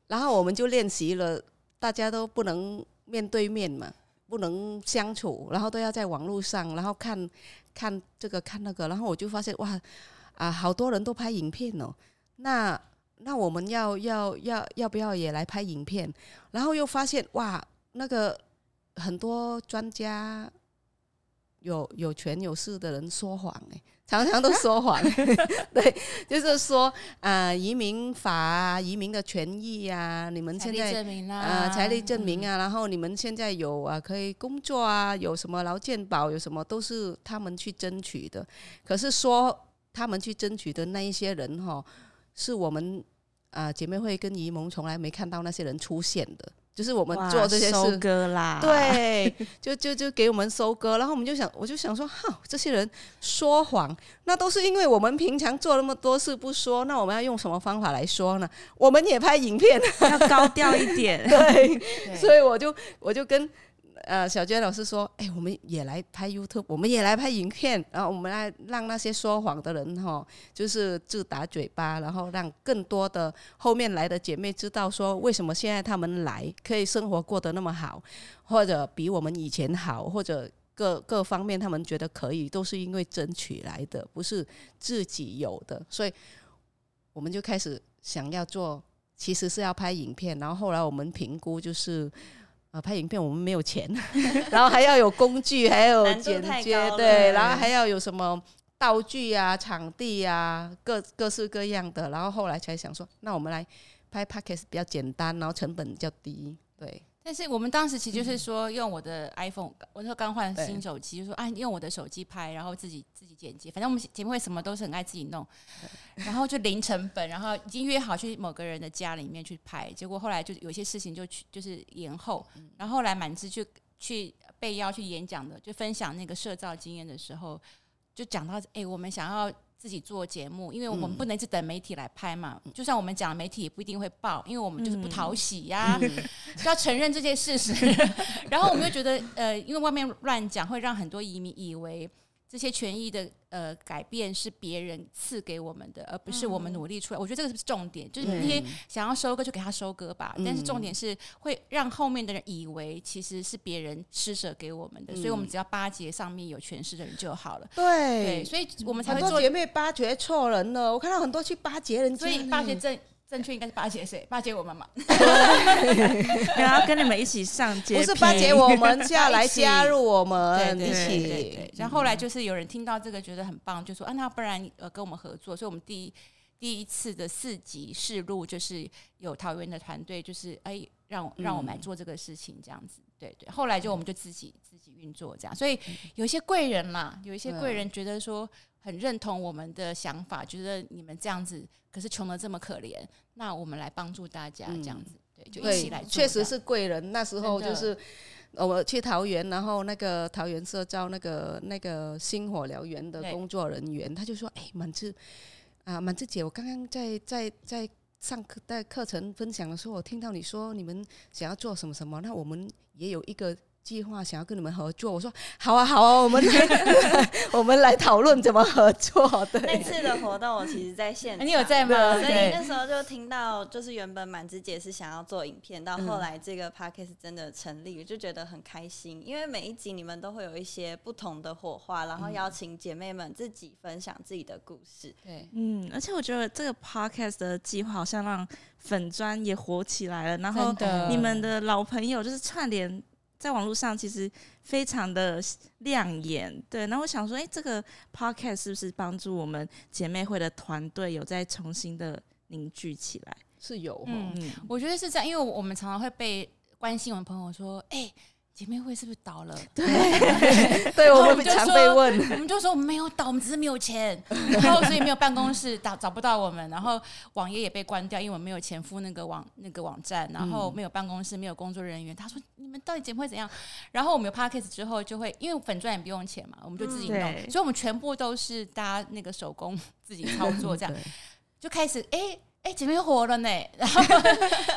然後我們就練習了，大家都不能面對面嘛。不能相處，然後都要在網絡上，然後看，看這個看那個，然後我就發現哇，啊，好多人都拍影片哦，那那我們要要要要不要也來拍影片？然後又發現哇，那個很多專家有有權有勢的人說謊哎常常都說謊、啊， *laughs* *laughs* 對，就是說啊、呃，移民法啊，移民的權益啊，你們現在啊、呃，財力證明啊、嗯，然後你們現在有啊，可以工作啊，有什麼勞健保，有什麼都是他們去爭取的。可是說他們去爭取的那一些人哈、哦，是我們啊、呃，姐妹會跟移盟從來沒看到那些人出現的。就是我們做這些事收割啦，對，就就就給我們收割，然後我們就想，我就想說，哈，這些人說謊，那都是因為我們平常做那麼多事不說，那我們要用什麼方法來說呢？我們也拍影片，要高調一點， *laughs* 對，所以我就我就跟。呃、uh，小娟老師說：“哎，我們也來拍 YouTube，我們也來拍影片，然後我們來讓那些說謊的人哈、哦，就是自打嘴巴，然後讓更多的後面來的姐妹知道，說為什麼現在他們來可以生活過得那麼好，或者比我們以前好，或者各各方面他們覺得可以，都是因為爭取來的，不是自己有的，所以我們就開始想要做，其實是要拍影片，然後後來我們評估就是。”啊，拍影片我們沒有錢， *laughs* *laughs* 然後還要有工具，還有剪接，對，然後還要有什麼道具啊、場地啊，各各式各樣的，然後後來才想說，那我們來拍 Podcast 比較簡單，然後成本比較低，對。但是我們當時其實就是說，用我的 iPhone，、嗯、我那時候剛換新手機，就說啊，用我的手機拍，然後自己自己剪輯。反正我們節目會什麼都是很愛自己弄，然後就零成本，然後已經約好去某個人的家裡面去拍，結果後來就有些事情就去就是延後、嗯，然後後來滿枝去去被邀去演講的，就分享那個社造經驗的時候，就講到哎、欸，我們想要。自己做節目，因為我們不能一直等媒體來拍嘛。嗯、就算我們講，媒體也不一定會報，因為我們就是不討喜呀，嗯、要承認這些事實。嗯、 *laughs* 然後我們就覺得，呃，因為外面亂講，會讓很多移民以為。這些權益的呃改變是別人賜給我們的，而不是我們努力出來。嗯、我覺得這個是重點，就是那些想要收割就給他收割吧、嗯。但是重點是會讓後面的人以為其實是別人施捨給我們的、嗯，所以我們只要巴結上面有權勢的人就好了。對，對，所以我們才會做。有沒有巴結錯人呢？我看到很多去巴結人，所以巴結這。正確應該是巴結誰？巴結我們嘛 *laughs* *laughs* 然後跟你們一起上街。 *laughs* 不是巴結我們就要來加入我們 *laughs* 對對對對對，一起，對對對對對。然後後來就是有人聽到這個覺得很棒，就說啊，那不然呃跟我們合作。所以我們第一，第一次的四級試錄就是有桃園的團隊，就是哎、欸、讓讓我們來做這個事情這樣子。對對，後來就我們就自己、嗯、自己運作這樣，所以有一些貴人啦，有一些貴人覺得說很認同我們的想法，嗯、覺得你們這樣子可是窮得這麼可憐，那我們來幫助大家這樣子，嗯、對，就一起來做。確實是貴人，那時候就是呃，我去桃園，然後那個桃園社招那個那個星火燎原的工作人員，他就說：“哎，滿志啊、呃，滿志姐，我剛剛在在在。”上課在課程分享的時候，我聽到你說你們想要做什麼什麼，那我們也有一個計劃想要跟你們合作，我說好啊好啊，我們 *laughs* *laughs* 我們來討論怎麼合作。對，那次的活動我其實在現場，哎，你有在嗎？所以那時候就聽到，就是原本滿枝姐是想要做影片，到後來這個 podcast 真的成立，我就覺得很開心，嗯，因為每一集你們都會有一些不同的火花，然後邀請姐妹們自己分享自己的故事。嗯、對，嗯，而且我覺得這個 podcast 的計劃好像讓粉專也火起來了，然後你們的老朋友就是串聯。在網絡上其實非常的亮眼，對。那我想說，哎、欸，這個 Podcast 是不是幫助我們姐妹會的團隊有再重新的凝聚起來？是有，嗯，我覺得是這樣，因為我們常常會被關心我們朋友說，哎、欸。姐妹會是不是倒了？對， *laughs* 對我們常被問， *laughs* 對 *laughs* 我們就說 *laughs* 我們就說 *laughs* 沒有倒，我們只是沒有錢， *laughs* 然後所以沒有辦公室，找 *laughs* 找不到我們，然後網頁也被關掉，因為我們沒有錢付那個網那個網站，然後沒有辦公室，沒有工作人員。他說你們到底姊妹會怎樣？然後我們有 podcast 之後就會，因為粉專也不用錢嘛，我們就自己弄、嗯，所以我們全部都是大家那個手工自己操作，這樣 *laughs* 就開始誒。哎，這邊又活了呢， *laughs* 然後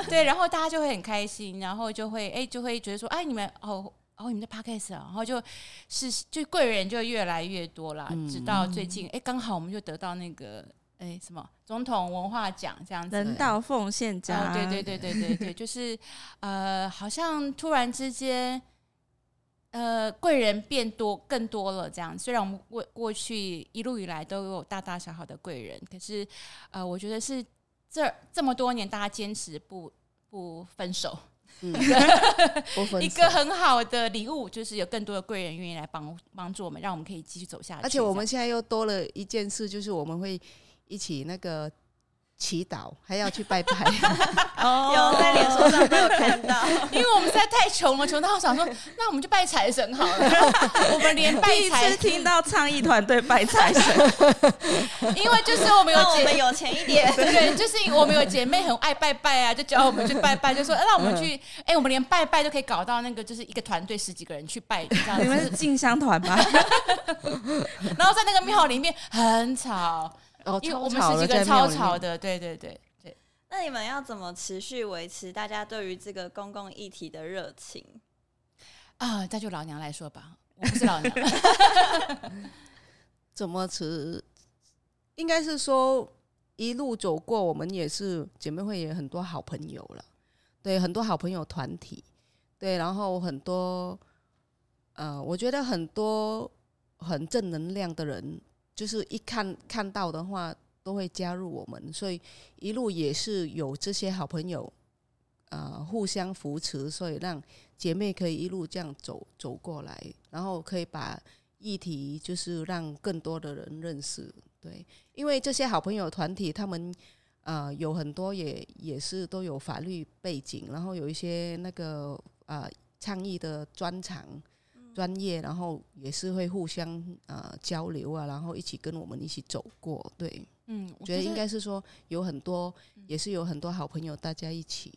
對，然後大家就會很開心，然後就會哎，就會覺得說，哎，你們哦哦，你們的 podcast 啊，然後就是就貴人就越來越多了，嗯、直到最近，哎，剛好我們就得到那個哎什麼總統文化獎這樣子，人道奉獻獎、啊，對對對對對對， *laughs* 就是呃，好像突然之間，呃，貴人變多更多了這樣。雖然我們過過去一路以來都有大大小小的貴人，可是呃，我覺得是。這這麼多年，大家堅持不不分手，嗯、 *laughs* 不分手，一個很好的禮物，就是有更多的貴人願意來幫幫助我們，讓我們可以繼續走下去。而且我們現在又多了一件事，就是我們會一起那個。祈禱還要去拜拜，有在臉書上沒有看到， *laughs* 因為我們實在太窮了，窮到我想說，那我們就拜財神好了。 *laughs* 我們連拜財，第一次聽到倡議團隊拜財神， *laughs* 因為就是我們有姐妹有錢一點，對，就是我們有姐妹很愛拜拜啊，就叫我們去拜拜，就說、啊、那我們去，哎、欸，我們連拜拜都可以搞到那個，就是一個團隊十幾個人去拜，這樣子你們是進香團吧？ *laughs* 然後在那個廟裡面很吵。哦，超吵的，超吵的，對對對對。那你們要怎麼持續維持大家對於這個公共議題的熱情啊？那就老娘來說吧， *laughs* 我不是老娘。 *laughs* *laughs* 怎麼持？應該是說一路走過，我們也是姐妹會，也很多好朋友了。對，很多好朋友團體，對，然後很多，呃，我覺得很多很正能量的人。就是一看看到的話，都會加入我們，所以一路也是有這些好朋友，啊、呃，互相扶持，所以讓姐妹可以一路這樣走走過來，然後可以把議題就是讓更多的人認識。對，因為這些好朋友團體，他們啊、呃，有很多也也是都有法律背景，然後有一些那個呃倡議的專長。專業，然後也是會互相呃交流啊，然後一起跟我們一起走過，對，嗯，我覺得應該是說有很多、嗯，也是有很多好朋友，大家一起。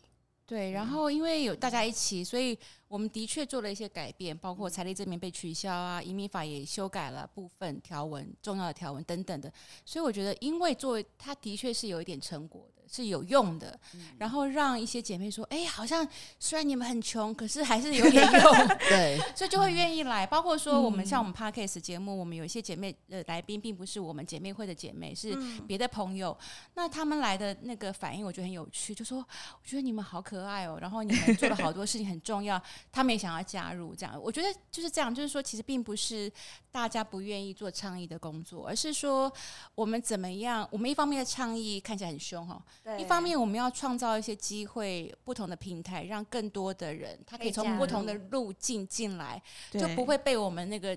對，然後因為有大家一起、嗯，所以我們的確做了一些改變，包括財力證明被取消啊，移民法也修改了部分條文，重要的條文等等的。所以我覺得，因為做，它的確是有一點成果的。是有用的、嗯，然後讓一些姐妹說：“哎、欸，好像雖然你們很窮，可是還是有點用。 *laughs* ”對，所以就會願意來。嗯、包括說我們、嗯、像我們 podcast 節目，我們有一些姐妹的來賓，並不是我們姐妹會的姐妹，是別的朋友。嗯、那他們來的那個反應，我覺得很有趣，就說：“我覺得你們好可愛哦。”然後你們做了好多事情很重要， *laughs* 他們也想要加入。這樣，我覺得就是這樣，就是說，其實並不是大家不願意做倡議的工作，而是說我們怎麼樣？我們一方面的倡議看起來很凶哈、哦。一方面，我們要創造一些機會，不同的平台，讓更多的人他可以從不同的路徑進來，就不會被我們那個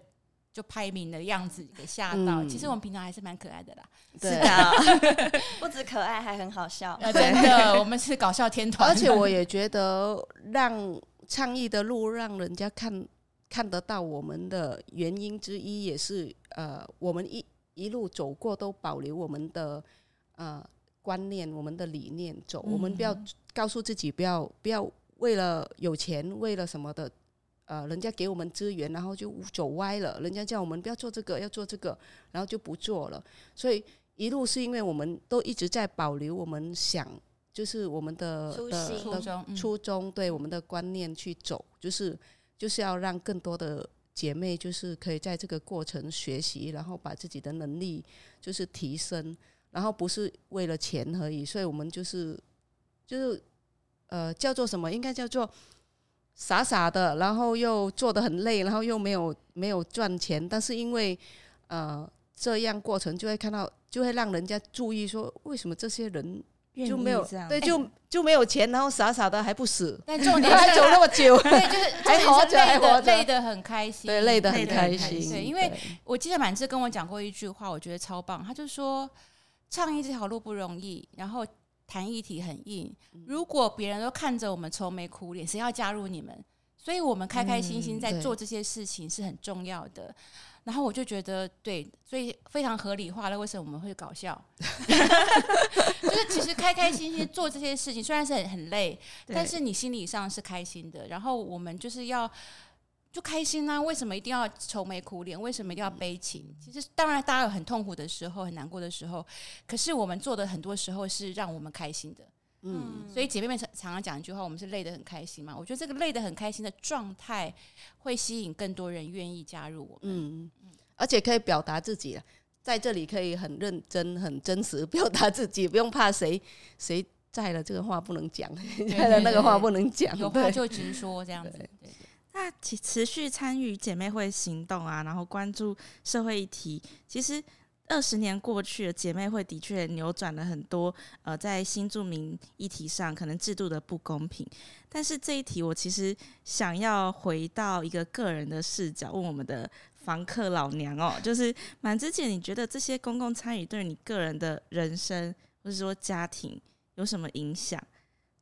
就排名的樣子給嚇到，嗯。其實我們平常還是蠻可愛的啦，對是的， *laughs* 不止可愛，還很好笑。 *laughs* *laughs* 那真的，我們是搞笑天團。 *laughs* 而且我也覺得，讓倡議的路讓人家看看得到我們的原因之一，也是呃，我們一一路走過都保留我們的呃。觀念，我們的理念走，我們不要告訴自己不要、嗯、不要為了有錢，為了什麼的，呃，人家給我們資源，然後就走歪了。人家叫我們不要做這個，要做這個，然後就不做了。所以一路是因為我們都一直在保留我們想，就是我們的初心的初衷、嗯、對我們的觀念去走，就是就是要讓更多的姐妹就是可以在這個過程學習，然後把自己的能力就是提升。然後不是為了錢而已，所以我們就是就是呃叫做什麼？應該叫做傻傻的，然後又做的很累，然後又沒有沒有賺錢。但是因為呃這樣過程就會看到，就會讓人家注意說，為什麼這些人就沒有這樣？對，就就沒有錢、欸，然後傻傻的還不死。但走你、啊、還走那麼久， *laughs* 對，就是，是還活著，累的很開心，對，累的很開心。對，對因為我記得滿志跟我講過一句話，我覺得超棒，他就說。倡議這條路不容易，然後談議題很硬。如果別人都看着我們愁眉苦臉，誰要加入你們？所以我們開開心心在做這些事情是很重要的。嗯、然後我就覺得，對，所以非常合理化了。為什麼我們會搞笑？ *laughs* *laughs* 就是其實開開心心做這些事情，雖然是很很累，但是你心理上是開心的。然後我們就是要。就開心啊！為什麼一定要愁眉苦臉？為什麼一定要悲情？嗯、其實當然，大家有很痛苦的時候，很難過的時候。可是我們做的很多時候是讓我們開心的。嗯，所以姐妹們常常講一句話：我們是累得很開心嘛？我覺得這個累得很開心的狀態，會吸引更多人願意加入我們。嗯，而且可以表達自己，在這裡可以很認真、很真實表達自己，不用怕誰誰在了，這個話不能講，對對對 *laughs* 在了那個話不能講，有話就直說，這樣子。對對那持續參與姐妹會行動啊，然後關注社會議題，其實二十年過去了，姐妹會的確扭轉了很多呃在新住民議題上可能制度的不公平。但是這一題我其實想要回到一個個人的視角，問我們的房客老娘哦，就是滿之姐，你覺得這些公共參與對你個人的人生或者說家庭有什麼影響？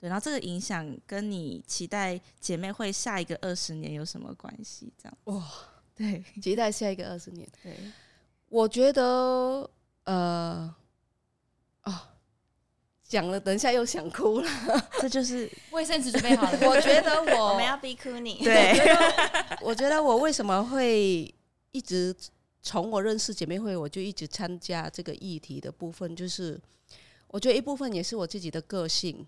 對，然後這個影響跟你期待姐妹會下一個二十年有什麼關係？這樣哇、哦，對，期待下一個二十年。對，我覺得，呃，哦，講了，等一下又想哭了。這就是衛生紙準備好了。 *laughs* 我覺得我 *laughs* 我們要逼哭你。對， *laughs* 我覺得我為什麼會一直從我認識姐妹會，我就一直參加這個議題的部分，就是我覺得一部分也是我自己的個性。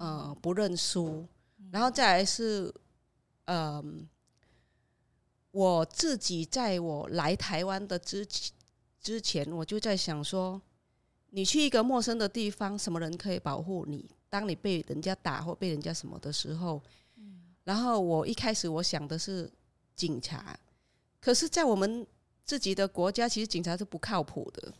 嗯、呃，不認輸，然後再來是，嗯、呃，我自己在我來台灣的之之前，我就在想說，你去一個陌生的地方，什麼人可以保護你？當你被人家打或被人家什麼的時候，嗯、然後我一開始我想的是警察，可是，在我們自己的國家，其實警察是不靠譜的，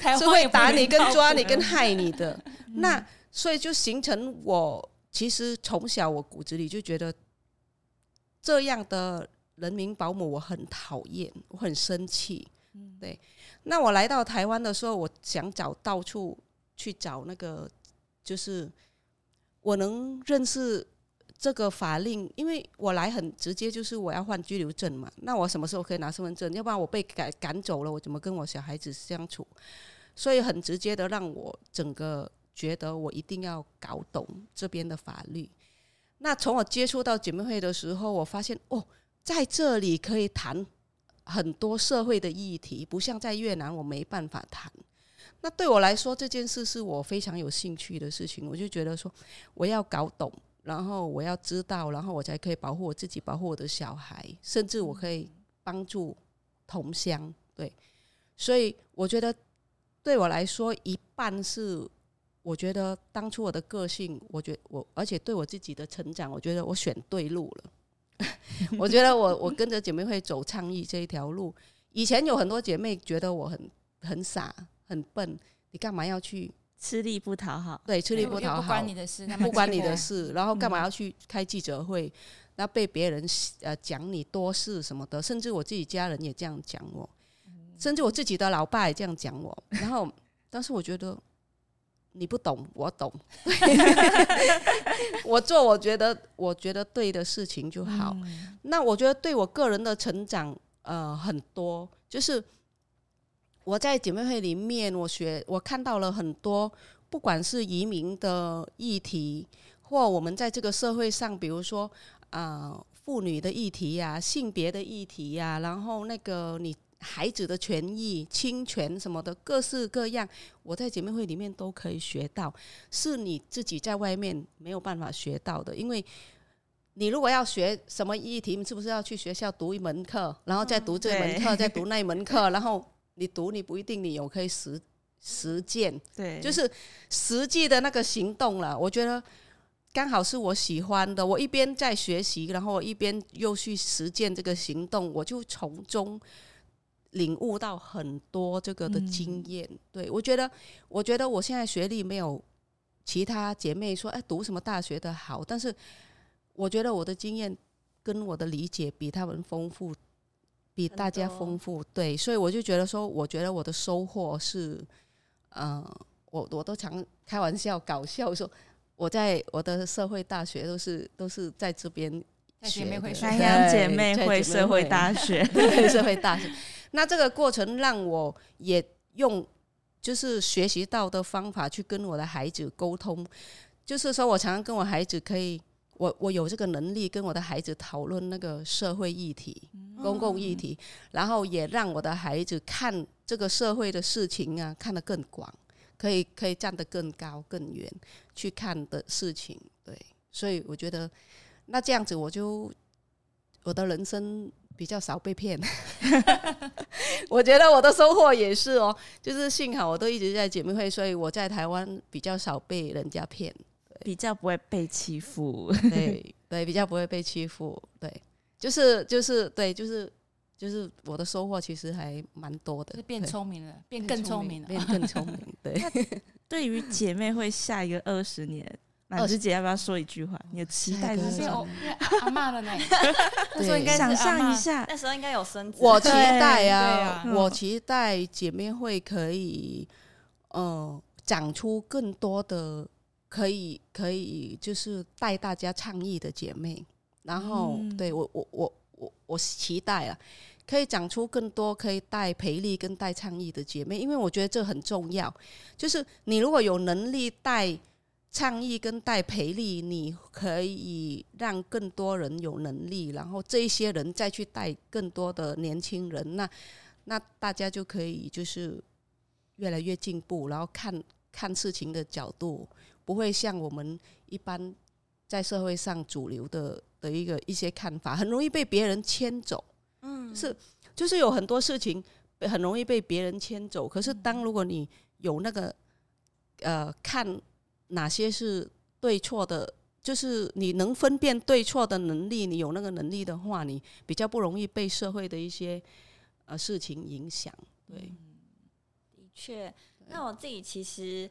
台灣 *laughs* 是會打你、跟抓你、跟害你的、嗯、那。所以就形成我其實從小我骨子裡就覺得這樣的人民保姆我很討厭，我很生氣。嗯，對。那我來到台灣的時候，我想找到處去找那個，就是我能認識這個法令，因為我來很直接，就是我要換居留證嘛。那我什麼時候可以拿身份證？要不然我被趕趕走了，我怎麼跟我小孩子相處？所以很直接的讓我整個。覺得我一定要搞懂這邊的法律。那從我接觸到姊妹會的時候，我發現哦，在這裡可以談很多社會的議題，不像在越南我沒辦法談。那對我來說，這件事是我非常有興趣的事情。我就覺得說，我要搞懂，然後我要知道，然後我才可以保護我自己，保護我的小孩，甚至我可以幫助同鄉。對，所以我覺得對我來說，一半是。我覺得當初我的個性，我覺我，而且對我自己的成長，我覺得我選對路了。 *laughs* 我覺得我我跟着姐妹會走倡議這一條路，以前有很多姐妹覺得我很很傻很笨，你幹嘛要去吃力不討好？對，吃力不討好、欸、不關你的事、啊，不關你的事。然後幹嘛要去開記者會？那被別人、嗯、呃講你多事什麼的，甚至我自己家人也這樣講我、嗯，甚至我自己的老爸也這樣講我。然後，但是我覺得。你不懂，我懂。 *laughs* 我做我覺得我覺得對的事情就好。嗯。那我覺得對我個人的成長，呃，很多就是我在姐妹會裡面，我學，我看到了很多，不管是移民的議題，或我們在這個社會上，比如說啊，婦、呃、女的議題呀，性別的議題呀，然後那個你。孩子的權益、侵權什麼的，各式各樣，我在姐妹會裡面都可以學到，是你自己在外面沒有辦法學到的。因為，你如果要學什麼議題，你是不是要去學校讀一門課，然後再讀這門課，嗯、再讀那門課，然後你讀，你不一定你有可以實實踐，對，就是實際的那個行動了。我覺得剛好是我喜歡的，我一邊在學習，然後我一邊又去實踐這個行動，我就從中。領悟到很多這個的經驗，嗯、對，我覺得，我覺得我現在學歷沒有其他姐妹說，哎，讀什麼大學的好，但是我覺得我的經驗跟我的理解比他們豐富，比大家豐富，對，所以我就覺得說，我覺得我的收穫是，嗯、呃，我我都常開玩笑搞笑說，我在我的社會大學都是都是在這邊姐妹會，南洋姐妹會社會大學， *laughs* 會社會大學。那這個過程讓我也用，就是學習到的方法去跟我的孩子溝通，就是說我常常跟我孩子可以我，我我有這個能力跟我的孩子討論那個社會議題、公共議題，嗯、然後也讓我的孩子看這個社會的事情啊，看得更廣，可以可以站得更高、更遠去看的事情。對，所以我覺得那這樣子，我就我的人生。比較少被騙， *laughs* 我覺得我的收穫也是哦、喔，就是幸好我都一直在姐妹會，所以我在台灣比較少被人家騙，比較不會被欺負。對對，比較不會被欺負。 *laughs* 對，就是就是對，就是就是我的收穫其實還蠻多的，變聰明了，變更聰明、明了，哦、變更聰明。對， *laughs* 對於姐妹會下一個二十年。滿枝姐，要不要說一句話？你的期待是什麼？ *laughs* 阿媽的呢 *laughs* 對？對，想象一下，那時候應該有生我期待啊，啊，我期待姐妹會可以，呃，長出更多的可以，可以就是帶大家倡議的姐妹。然後，嗯、對我，我，我，我，我期待啊，可以長出更多可以帶培力跟帶倡議的姐妹，因為我覺得這很重要。就是你如果有能力帶。倡議跟帶培力，你可以讓更多人有能力，然後這一些人再去帶更多的年輕人，那那大家就可以就是越來越進步，然後看看事情的角度，不會像我們一般在社會上主流的的一個一些看法，很容易被別人牽走，嗯，是，是就是有很多事情很容易被別人牽走，可是當如果你有那個呃看哪些是對錯的？就是你能分辨對錯的能力，你有那個能力的話，你比較不容易被社會的一些呃事情影響。對，嗯、的確，那我自己其實。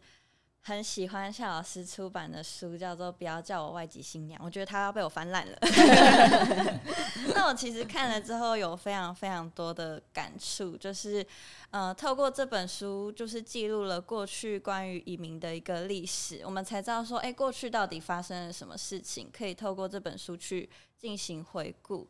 很喜歡夏老師出版的書，叫做《不要叫我外籍新娘》，我覺得他要被我翻爛了。 *laughs* *laughs* *laughs* 那我其實看了之後有非常非常多的感觸，就是呃，透過這本書，就是記錄了過去關於移民的一個歷史，我們才知道說，誒，過去到底發生了什麼事情，可以透過這本書去進行回顧。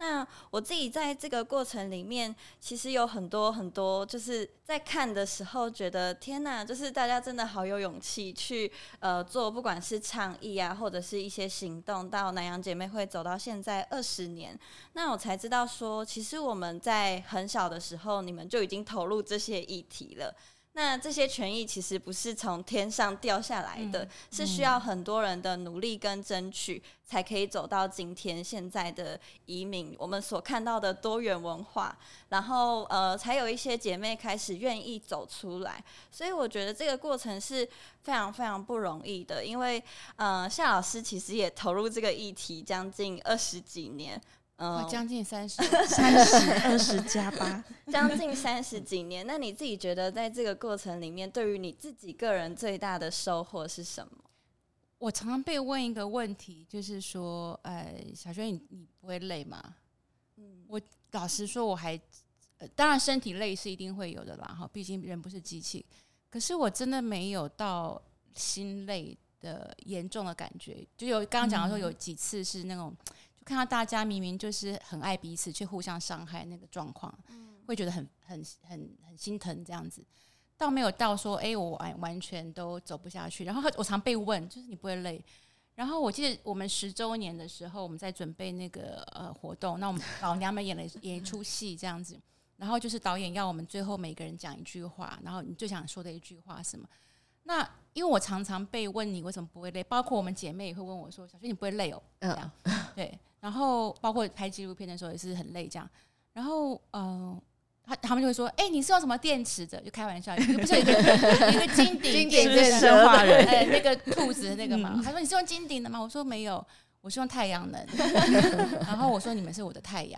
那我自己在這個過程裡面，其實有很多很多，就是在看的時候覺得天吶，就是大家真的好有勇氣去呃做，不管是倡議啊，或者是一些行動，到南洋姐妹會走到現在二十年，那我才知道說，其實我們在很小的時候，你們就已經投入這些議題了。那這些權益其實不是從天上掉下來的。嗯，是需要很多人的努力跟爭取，才可以走到今天現在的移民，我們所看到的多元文化，然後呃，才有一些姐妹開始願意走出來，所以我覺得這個過程是非常非常不容易的，因為呃，夏老師其實也投入這個議題將近二十幾年。呃、oh, 將近三十，三十二十加八，將 *laughs* 近三十幾年。那你自己覺得，在這個過程裡面，對於你自己個人最大的收穫是什麼？我常常被問一個問題，就是說，哎、呃，小軒，你你不會累嗎？嗯、我老實說，我還、呃，當然身體累是一定會有的啦，哈，畢竟人不是機器。可是我真的沒有到心累的嚴重的感覺，就有剛剛講的時候，有幾次是那種。嗯看到大家明明就是很愛彼此，卻互相傷害那個狀況，嗯、會覺得很很很很心疼這樣子，倒沒有到說，哎、欸，我完完全都走不下去。然後我常被問，就是你不會累？然後我記得我們十周年的時候，我們在準備那個呃活動，那我們老娘們演了一演一出戲這樣子，然後就是導演要我們最後每個人講一句話，然後你最想說的一句話是什麼？那因為我常常被問你為什麼不會累，包括我們姐妹也會問我說，小雪你不會累哦？這樣對。然後包括拍紀錄片的時候也是很累這樣，然後嗯、呃,他他們就會說，哎、欸，你是用什麼電池的？就開玩笑，又不是一個 *laughs* 一個金頂，金頂就是神話人，哎、那個兔子的那個嘛、嗯，他說你是用金頂的嗎？我說沒有，我是用太陽能。嗯、 *laughs* 然後我說你們是我的太陽。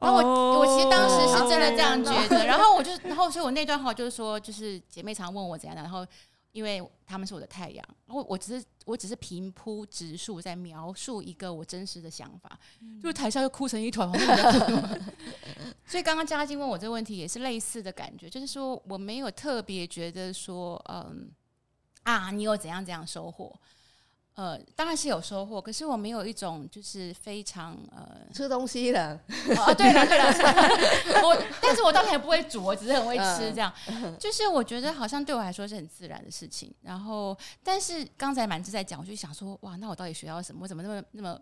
然後我、oh, 我其實當時是真的這樣覺得，oh, 然後我就然後所以我那段話就是說，就是姐妹常問我怎樣，然後，因為他們是我的太陽，我我只是我只是平鋪直述在描述一個我真實的想法，就、嗯、是台下又哭成一團， *laughs* *laughs* 所以剛剛佳晶問我這個問題也是類似的感覺，就是說我沒有特別覺得說嗯啊你有怎樣怎樣收穫。呃，當然是有收穫，可是我沒有一種就是非常呃吃東西的、哦、啊，對了對了 *laughs* *laughs* 我，但是我當然也不會煮，我 *laughs* 只是很會吃這樣、嗯，就是我覺得好像對我來說是很自然的事情。然後，但是剛才滿子在講，我就想說，哇，那我到底學到什麼？我怎麼那麼那麼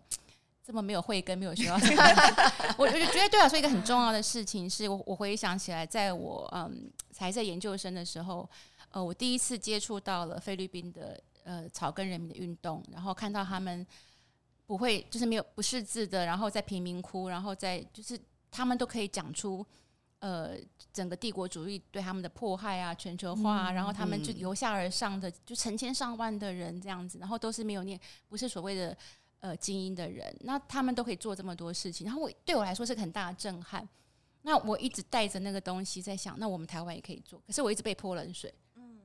這麼沒有慧根，沒有學到？ *laughs* *laughs* 我我就覺得，對我來說一個很重要的事情是，我我回想起來，在我嗯才在研究生的時候，呃，我第一次接觸到了菲律賓的。呃，草根人民的運動，然後看到他們不會，就是沒有不識字的，然後在貧民窟，然後在就是他們都可以講出，呃，整個帝國主義對他們的迫害啊，全球化，嗯，然後他們就由下而上的，嗯，就成千上萬的人這樣子，然後都是沒有念，不是所謂的呃精英的人，那他們都可以做這麼多事情，然後我對我來說是很大的震撼。那我一直帶着那個東西在想，那我們台灣也可以做，可是我一直被潑冷水。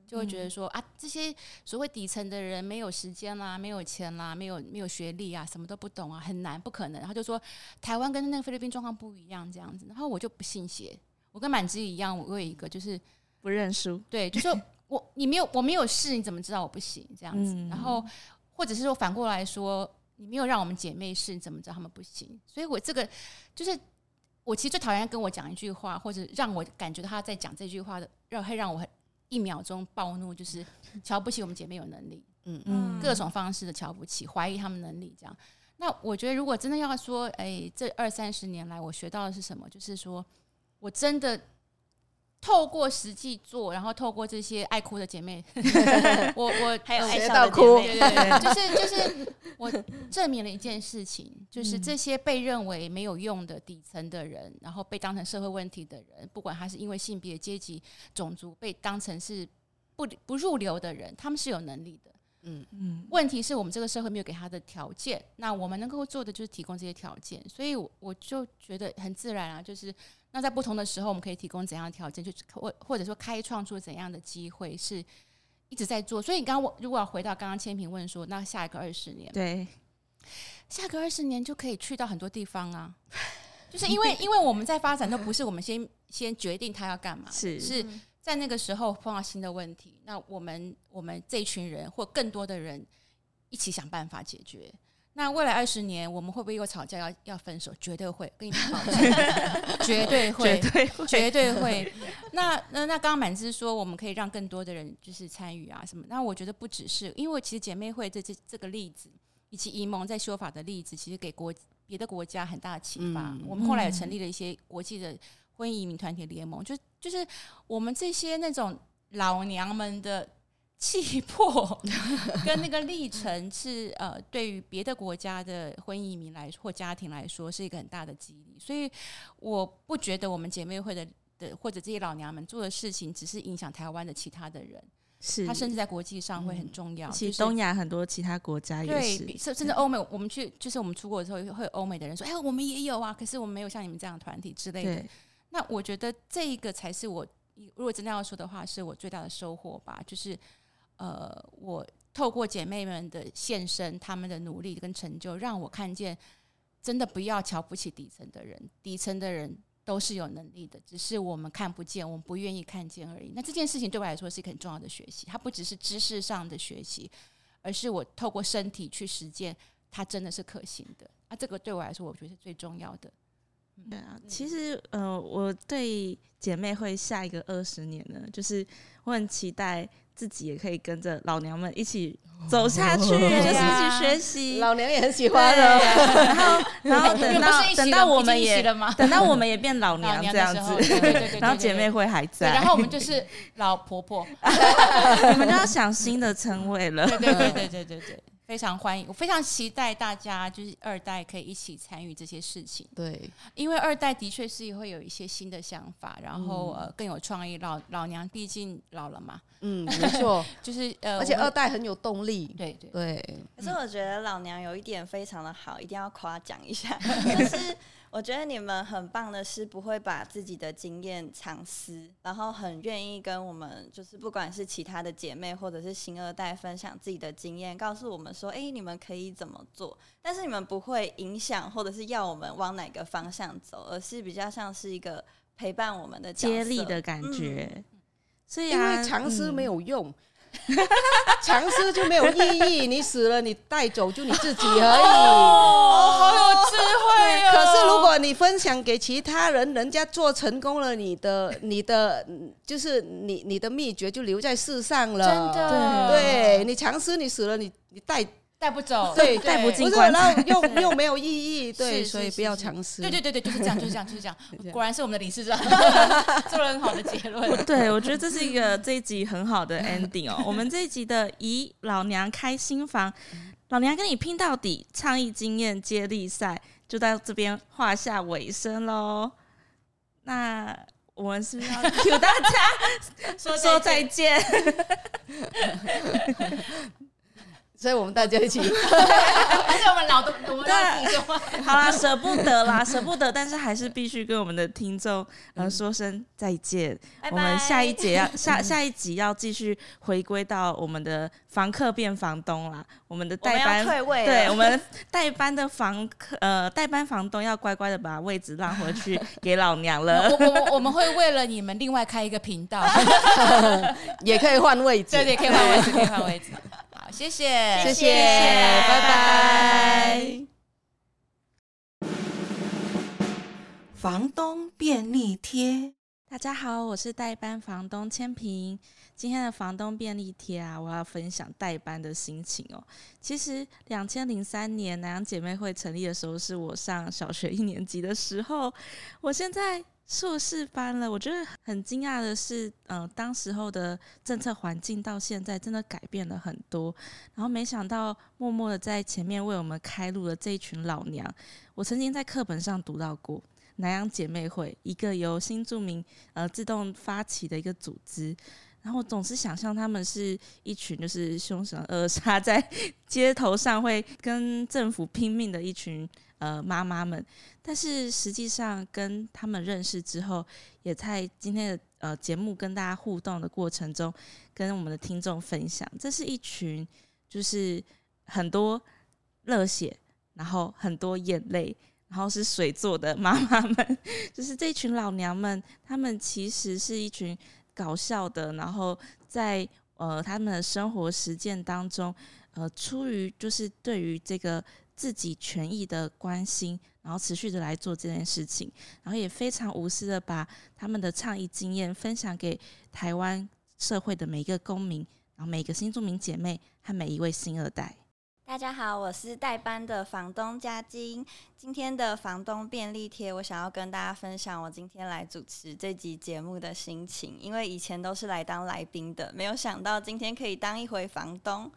就會覺得說啊，這些所謂底層的人沒有時間啦，沒有錢啦，沒有沒有學歷啊，什麼都不懂啊，很難，不可能。然後就說台灣跟那個菲律賓狀況不一樣這樣子。然後我就不信邪，我跟滿枝一樣，我有一個就是不認輸。對，就說我你沒有我沒有試，你怎麼知道我不行這樣子？嗯、然後或者是說反過來說，你沒有讓我們姐妹試，你怎麼知道他們不行？所以我這個就是我其實最討厭跟我講一句話，或者讓我感覺到他在講這句話的，讓會讓我很。一秒鐘暴怒，就是瞧不起我們姐妹有能力，嗯，嗯，各種方式的瞧不起，懷疑他們能力，這樣。那我覺得，如果真的要說，欸，這二三十年來我學到的是什麼？就是說我真的。透過實際做，然後透過這些愛哭的姐妹， *laughs* *laughs* 我我還有愛笑的姐妹， *laughs* 對對對，就是就是我證明了一件事情，就是這些被認為沒有用的底層的人，然後被當成社會問題的人，不管他是因為性別、階級、種族被當成是不不入流的人，他們是有能力的。嗯嗯，問題是我們這個社會沒有給他的條件，那我們能夠做的就是提供這些條件，所以，我我就覺得很自然啊，就是。那在不同的時候，我們可以提供怎樣的條件，去，或或者說開創出怎樣的機會，是一直在做。所以你剛剛，我如果要回到剛剛千萍問說，那下一個二十年，對，下個二十年就可以去到很多地方啊，就是因為因為我們在發展都不是我們先先決定他要幹嘛，是、嗯、是在那個時候碰到新的問題，那我們我們這一群人或更多的人一起想辦法解決。那未來二十年，我們會不會又吵架要要分手？絕對會，跟你保證， *laughs* 絕對會，絕對會。那 *laughs* 那那，那那剛，剛滿芝說我們可以讓更多的人就是參與啊什麼？那我覺得不只是，因為其實姐妹會這這這個例子，以及移盟在修法的例子，其實給國別的國家很大的啟發、嗯。我們後來也成立了一些國際的婚姻移民團體的聯盟，嗯、就就是我們這些那種老娘們的。氣魄 *laughs* 跟那個歷程是呃，對於別的國家的婚姻移民來說或家庭來說，是一個很大的激勵。所以我不覺得我們姐妹會的的或者這些老娘們做的事情，只是影響台灣的其他的人。是他甚至在國際上會很重要。嗯就是、其實東亞很多其他國家也是，甚甚至歐美。我們去就是我們出國的時候，會有歐美的人說：“哎，我們也有啊，可是我們沒有像你們這樣團體之類的。”那我覺得這一個才是我如果真的要說的話，是我最大的收穫吧。就是呃，我透過姐妹們的現身，他們的努力跟成就，讓我看見，真的不要瞧不起底層的人，底層的人都是有能力的，只是我們看不見，我們不願意看見而已。那這件事情對我來說是一個很重要的學習，它不只是知識上的學習，而是我透過身體去實踐，它真的是可行的。那這個對我來說，我覺得是最重要的。對、嗯、啊、嗯，其實呃，我對姐妹會下一個二十年呢，就是我很期待自己也可以跟着老娘們一起走下去，哦、就是一起學習、哦啊，老娘也很喜歡哦。然後，然後等到等到我們也等到我們也變老娘這樣子，對對對對對對，然後姐妹會還在，然後我們就是老婆婆， *laughs* *laughs* 你們都要想新的稱謂了。對對對對對對，對，對。非常歡迎，我非常期待大家就是二代可以一起參與這些事情。對，因為二代的確是會有一些新的想法，嗯、然後呃更有創意。老老娘畢竟老了嘛，嗯，沒錯， *laughs* 就是呃，而且二代很有動力。 *laughs* 對對，對。可是我覺得老娘有一點非常的好，一定要誇獎一下。 *laughs* *laughs* 我覺得你們很棒的是不會把自己的經驗藏私，然後很願意跟我們，就是不管是其他的姐妹或者是新二代分享自己的經驗，告訴我們說，哎、欸，你們可以怎麼做。但是你們不會影響或者是要我們往哪個方向走，而是比較像是一個陪伴我們的接力的感覺。嗯、所以、啊，因為藏私沒有用。嗯嘗 *laughs* 試就沒有意義， *laughs* 你死了，你帶走就你自己而已。哦，好有智慧哦。哦，可是如果你分享給其他人，人家做成功了你，你的你的就是你你的秘訣就留在世上了。真的，對，對，你嘗試，你死了，你你帶。帶不走，對，帶不進去，不是，然後又又沒有意義，對，所以不要嘗試。對對對對，就是這樣，就是這樣，就是這樣。這樣果然是我們的理事長， *laughs* 做了很好的結論。對，我覺得這是一個這一集很好的 ending 哦。 *laughs* 我們這一集的“咦，老娘開新房， *laughs* 老娘跟你拼到底”倡議經驗接力賽，就到這邊畫下尾聲嘍。那我們是不是要跟大家說 *laughs* 說再見？ *laughs* *laughs* 所以我們大家一起 *laughs* *laughs* *laughs* 還是我們老東東。對，好啦，捨不得啦，捨不得，但是還是必須跟我們的聽眾呃說聲再見。嗯。我們下一節要下下一集要繼續回歸到我們的房客變房東啦。我們的代班退位，對，我們代班的房客呃代班房東要乖乖的把位置讓回去給老娘了。 *laughs* 我我我，我們會為了你們另外開一個頻道、 *laughs* *laughs* 嗯，也可以換位置，對，可以換位， *laughs* 位置，可以換位置。好謝謝，謝謝，謝謝，拜拜。房東便利貼，大家好，我是代班房東千萍。今天的房東便利貼啊，我要分享代班的心情哦。其實，兩千零三年南洋姐妹會成立的時候，是我上小學一年級的時候。我現在。碩士班了，我覺得很驚訝的是，嗯、呃，當時候的政策環境到現在真的改變了很多。然後沒想到，默默的在前面為我們開路的這一群老娘，我曾經在課本上讀到過南洋姐妹會，一個由新住民呃自動發起的一個組織。然後總是想象他們是一群就是凶神惡煞，在街頭上會跟政府拼命的一群。呃，媽媽們，但是實際上跟他們認識之後，也在今天的呃節目跟大家互動的過程中，跟我們的聽眾分享，這是一群就是很多熱血，然後很多眼淚，然後是水做的媽媽們，就是這群老娘們，他們其實是一群搞笑的，然後在呃他們的生活實踐當中，呃，出於就是對於這個。自己權益的關心，然後持續的來做這件事情，然後也非常無私的把他們的倡議經驗分享給台灣社會的每一個公民，然後每一個新住民姐妹和每一位新二代。大家好，我是代班的房東佳晶。今天的房東便利貼，我想要跟大家分享我今天來主持這集節目的心情。因為以前都是來當來賓的，沒有想到今天可以當一回房東。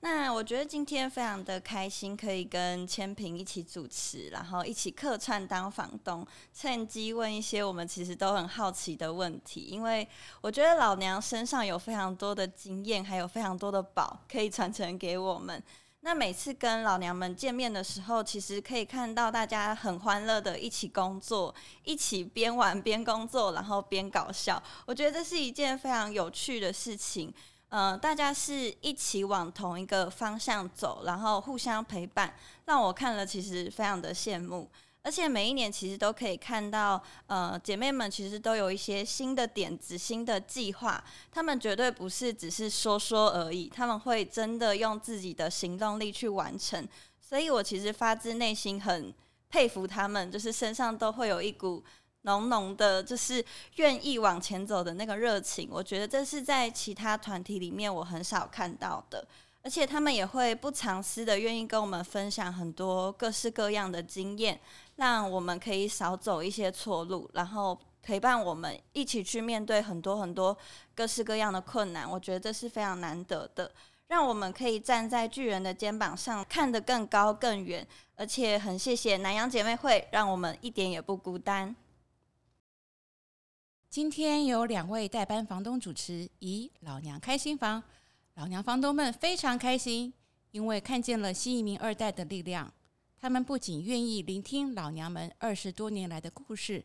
那我覺得今天非常的開心，可以跟千萍一起主持，然後一起客串當房東，趁機問一些我們其實都很好奇的問題。因為我覺得老娘身上有非常多的經驗，還有非常多的寶可以傳承給我們。那每次跟老娘們見面的時候，其實可以看到大家很歡樂的一起工作，一起邊玩邊工作，然後邊搞笑。我覺得這是一件非常有趣的事情。呃，大家是一起往同一個方向走，然後互相陪伴，讓我看了其實非常的羨慕。而且每一年其實都可以看到，呃，姐妹們其實都有一些新的點子、新的計劃。她們絕對不是只是說說而已，他們會真的用自己的行動力去完成。所以，我其實發自內心很佩服他們，就是身上都會有一股濃濃的就是願意往前走的那個熱情。我覺得這是在其他團體裡面我很少看到的。而且，他們也會不藏私的願意跟我們分享很多各式各樣的經驗。讓我們可以少走一些錯路，然後陪伴我們一起去面對很多很多各式各樣的困難，我覺得這是非常難得的。讓我們可以站在巨人的肩膀上，看得更高更遠。而且很謝謝南洋姐妹會，讓我們一點也不孤單。今天有兩位代班房東主持，咦，老娘開心房，老娘房東們非常開心，因為看見了新移民二代的力量。他們不僅願意聆聽老娘們二十多年來的故事，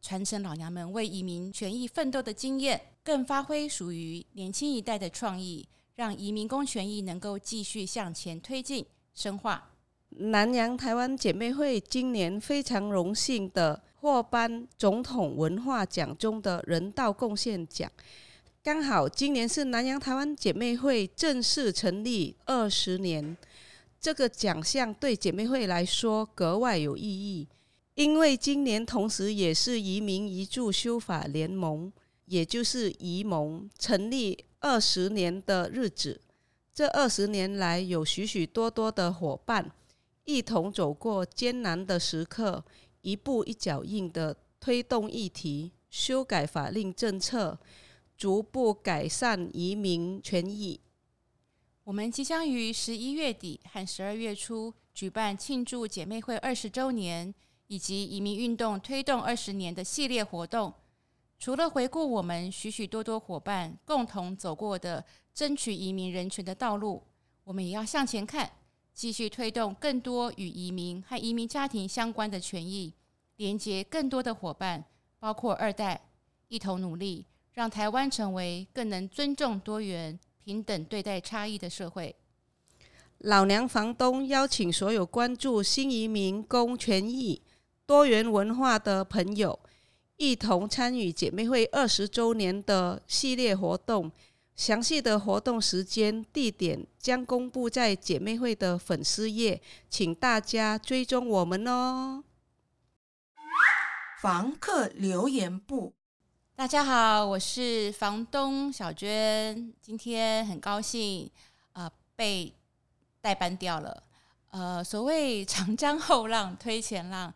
傳承老娘們為移民權益奮鬥的經驗，更發揮屬於年輕一代的創意，讓移民工權益能夠繼續向前推進、深化。南洋台灣姐妹會今年非常榮幸的獲頒總統文化獎中的人道貢獻獎，剛好今年是南洋台灣姐妹會正式成立二十年。這個獎項對姐妹會來說格外有意義，因為今年同時也是移民移住修法聯盟，也就是移盟成立二十年的日子。這二十年來，有許許多多的夥伴一同走過艱難的時刻，一步一腳印地推動議題、修改法令政策，逐步改善移民權益。我們即將於十一月底和十二月初舉辦慶祝姐妹會二十周年以及移民運動推動二十年的系列活動。除了回顧我們許許多多伙伴共同走過的爭取移民人權的道路，我們也要向前看，繼續推動更多與移民和移民家庭相關的權益，連接更多的伙伴，包括二代，一同努力，讓台灣成為更能尊重多元。平等對待差異的社會。老娘房東邀請所有關注新移民工權益、多元文化的朋友，一同參與姐妹會二十周年的系列活動。詳細的活動時間、地點將公布在姐妹會的粉絲頁，請大家追蹤我們哦。房客留言簿。大家好，我是房東小娟，今天很高興，呃，被代班掉了，呃，所謂長江後浪推前浪，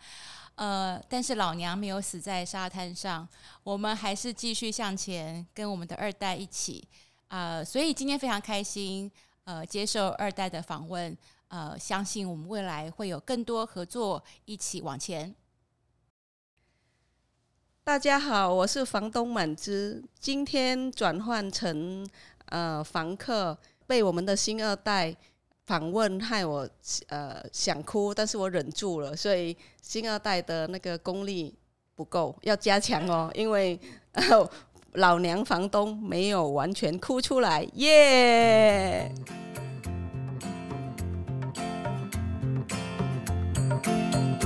呃，但是老娘沒有死在沙灘上，我們還是繼續向前，跟我們的二代一起，呃，所以今天非常開心，呃，接受二代的訪問，呃，相信我們未來會有更多合作，一起往前。大家好，我是房東滿之。今天轉換成呃，房客被我們的新二代訪問，害我呃想哭，但是我忍住了。所以新二代的那個功力不夠，要加強哦。因為、哦、老娘房東沒有完全哭出來，耶、yeah! 嗯。嗯嗯